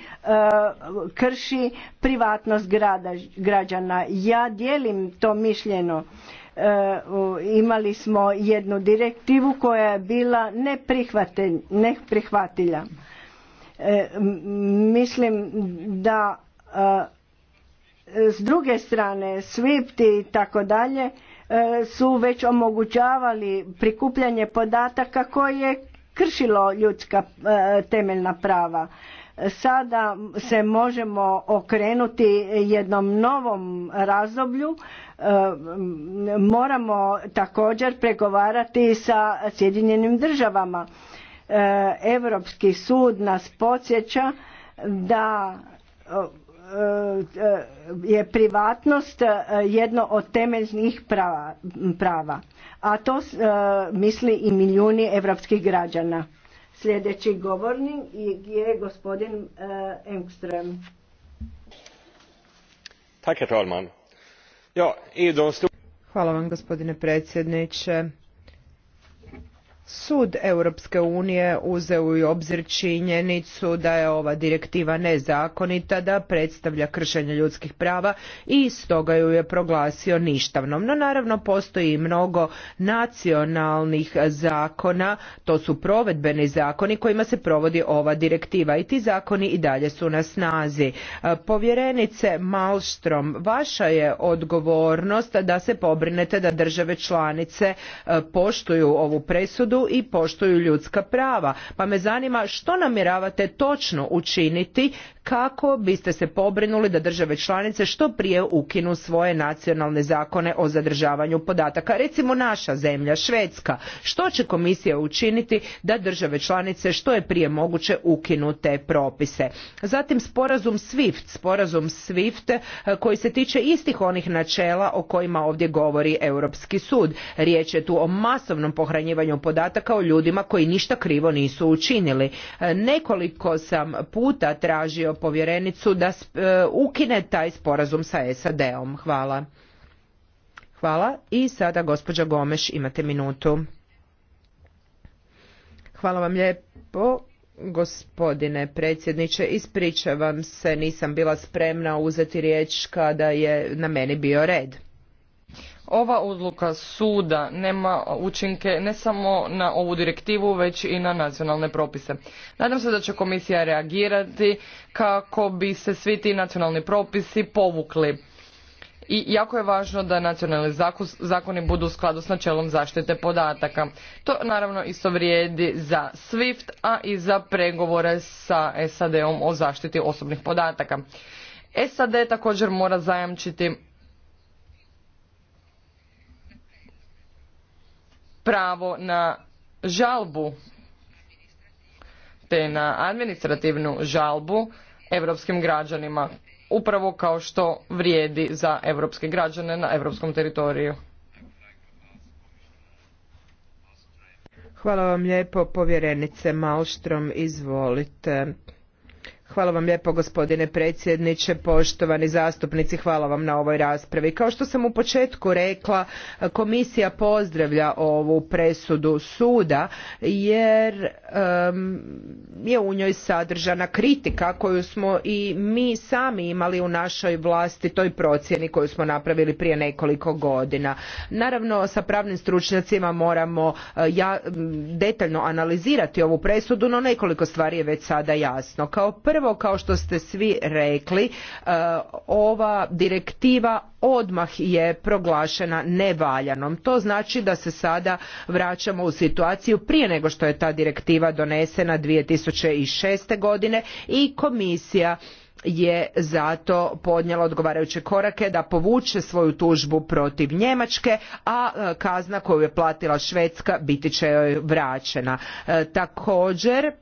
krši privatnost građana. Ja dijelim to mišljeno Eh, imali smo jednu direktivu koja je bila neprihvatilja. Eh, mislim da eh, s druge strane SWIFT i tako dalje su već omogućavali prikupljanje podataka koje je kršilo ljudska temeljna prava. Sada se možemo okrenuti jednom novom razdoblju E, moramo također pregovarati sa Sjedinjenim državama. E, Europski sud nas podsjeća da e, je privatnost jedno od temeljnih prava, a to misli i milijuni europskih građana. Sljedeći govornik je gospodin Engström. Hvala vam gospodine predsjedniče. Sud Europske unije uzeo u obzir činjenicu da je ova direktiva nezakonita, da predstavlja kršenje ljudskih prava i stoga ju je proglasio ništavnom. No naravno postoji mnogo nacionalnih zakona, to su provedbeni zakoni kojima se provodi ova direktiva i ti zakoni i dalje su na snazi. E, povjerenice Malstrom, vaša je odgovornost da se pobrinete da države članice e, poštuju ovu presudu i poštuju ljudska prava. Pa me zanima što namjeravate točno učiniti kako biste se pobrinuli da države članice što prije ukinu svoje nacionalne zakone o zadržavanju podataka. Recimo naša zemlja, Švedska, što će komisija učiniti da države članice što je prije moguće ukinu te propise. Zatim sporazum SWIFT, sporazum SWIFT eh, koji se tiče istih onih načela o kojima ovdje govori Europski sud. Riječ je tu o masovnom pohranjivanju podataka o ljudima koji ništa krivo nisu učinili. Eh, nekoliko sam puta tražio povjerenicu da e, ukine taj sporazum sa SAD-om. Hvala. Hvala. I sada gospođa Gomeš imate minutu. Hvala vam lijepo. Gospodine predsjedniče, ispričavam se, nisam bila spremna uzeti riječ kada je na meni bio red. Ova odluka suda nema učinke ne samo na ovu direktivu, već i na nacionalne propise. Nadam se da će komisija reagirati kako bi se svi ti nacionalni propisi povukli. I jako je važno da nacionalni zakoni budu u skladu s načelom zaštite podataka. To naravno isto vrijedi za SWIFT, a i za pregovore sa SAD-om o zaštiti osobnih podataka. SAD također mora zajamčiti pravo na žalbu te na administrativnu žalbu europskim građanima, upravo kao što vrijedi za europske građane na europskom teritoriju. Hvala vam lijepo, povjerenice Malštrom, izvolite. Hvala vam lijepo gospodine predsjedniče, poštovani zastupnici, hvala vam na ovoj raspravi. Kao što sam u početku rekla, komisija pozdravlja ovu presudu suda jer je u njoj sadržana kritika koju smo i mi sami imali u našoj vlasti toj procjeni koju smo napravili prije nekoliko godina. Naravno sa pravnim stručnjacima moramo e, ja, detaljno analizirati ovu presudu, no nekoliko stvari je već sada jasno. Kao prvo Prvo, kao što ste svi rekli, e, ova direktiva odmah je proglašena nevaljanom. To znači da se sada vraćamo u situaciju prije nego što je ta direktiva donesena 2006. godine i komisija je zato podnijela odgovarajuće korake da povuče svoju tužbu protiv Njemačke, a e, kazna koju je platila Švedska biti će joj vraćena. E, također,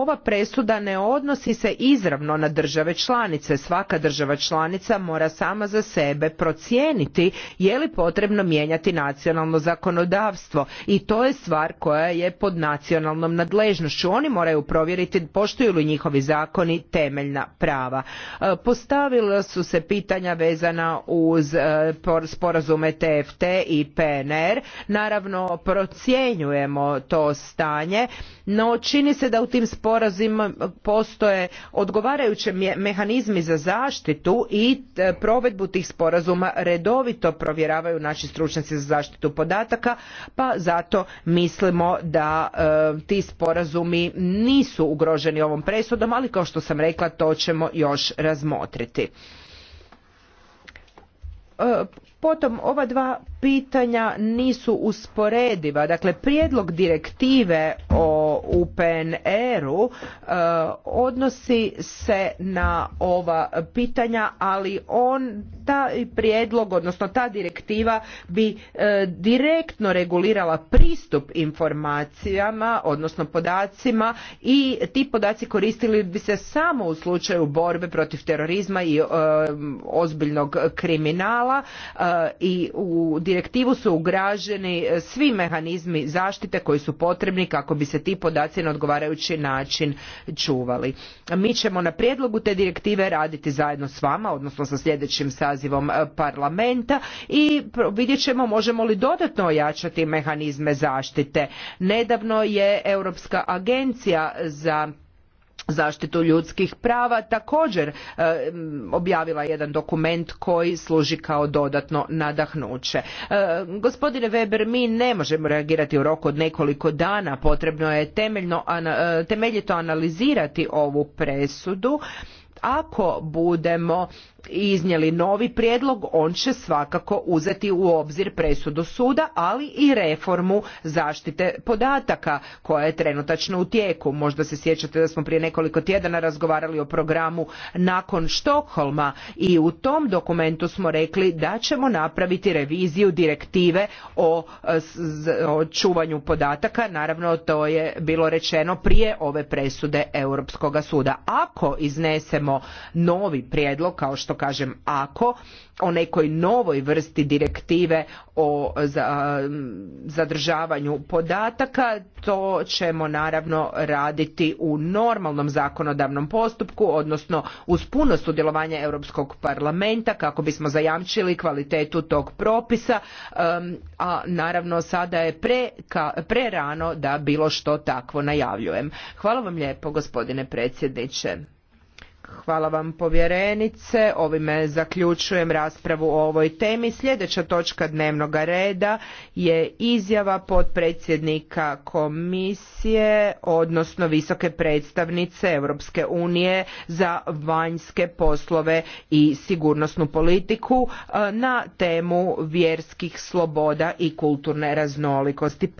ova presuda ne odnosi se izravno na države članice. Svaka država članica mora sama za sebe procijeniti je li potrebno mijenjati nacionalno zakonodavstvo i to je stvar koja je pod nacionalnom nadležnošću. Oni moraju provjeriti poštuju li njihovi zakoni temeljna prava. E, postavila su se pitanja vezana uz e, sporazume TFT i PNR. Naravno, procjenjujemo to stanje, no čini se da u tim Sporazum postoje odgovarajući mehanizmi za zaštitu i e, provedbu tih sporazuma redovito provjeravaju naši stručnjaci za zaštitu podataka pa zato mislimo da e, ti sporazumi nisu ugroženi ovom presudom ali kao što sam rekla to ćemo još razmotriti. E, Potom ova dva pitanja nisu usporediva. Dakle, prijedlog direktive o UPNR-u e, odnosi se na ova pitanja, ali on taj prijedlog, odnosno ta direktiva bi e, direktno regulirala pristup informacijama, odnosno podacima i ti podaci koristili bi se samo u slučaju borbe protiv terorizma i e, ozbiljnog kriminala i u direktivu su ugraženi svi mehanizmi zaštite koji su potrebni kako bi se ti podaci na odgovarajući način čuvali. Mi ćemo na prijedlogu te direktive raditi zajedno s vama, odnosno sa sljedećim sazivom e, parlamenta i vidjet ćemo možemo li dodatno ojačati mehanizme zaštite. Nedavno je Europska agencija za zaštitu ljudskih prava također e, objavila jedan dokument koji služi kao dodatno nadahnuće. E, gospodine Weber, mi ne možemo reagirati u roku od nekoliko dana, potrebno je temeljno, e, temeljito analizirati ovu presudu ako budemo iznijeli novi prijedlog, on će svakako uzeti u obzir presudu suda, ali i reformu zaštite podataka koja je trenutačno u tijeku. Možda se sjećate da smo prije nekoliko tjedana razgovarali o programu nakon Štokholma i u tom dokumentu smo rekli da ćemo napraviti reviziju direktive o, o čuvanju podataka. Naravno, to je bilo rečeno prije ove presude Europskoga suda. Ako iznesemo novi prijedlog, kao što kažem ako, o nekoj novoj vrsti direktive o zadržavanju podataka, to ćemo naravno raditi u normalnom zakonodavnom postupku, odnosno uz puno sudjelovanje Europskog parlamenta kako bismo zajamčili kvalitetu tog propisa, a naravno sada je prerano pre rano da bilo što takvo najavljujem. Hvala vam lijepo gospodine predsjedniče. Hvala vam povjerenice. Ovime zaključujem raspravu o ovoj temi. Sljedeća točka dnevnog reda je izjava potpredsjednika komisije, odnosno visoke predstavnice Europske unije za vanjske poslove i sigurnosnu politiku eh, na temu vjerskih sloboda i kulturne raznolikosti.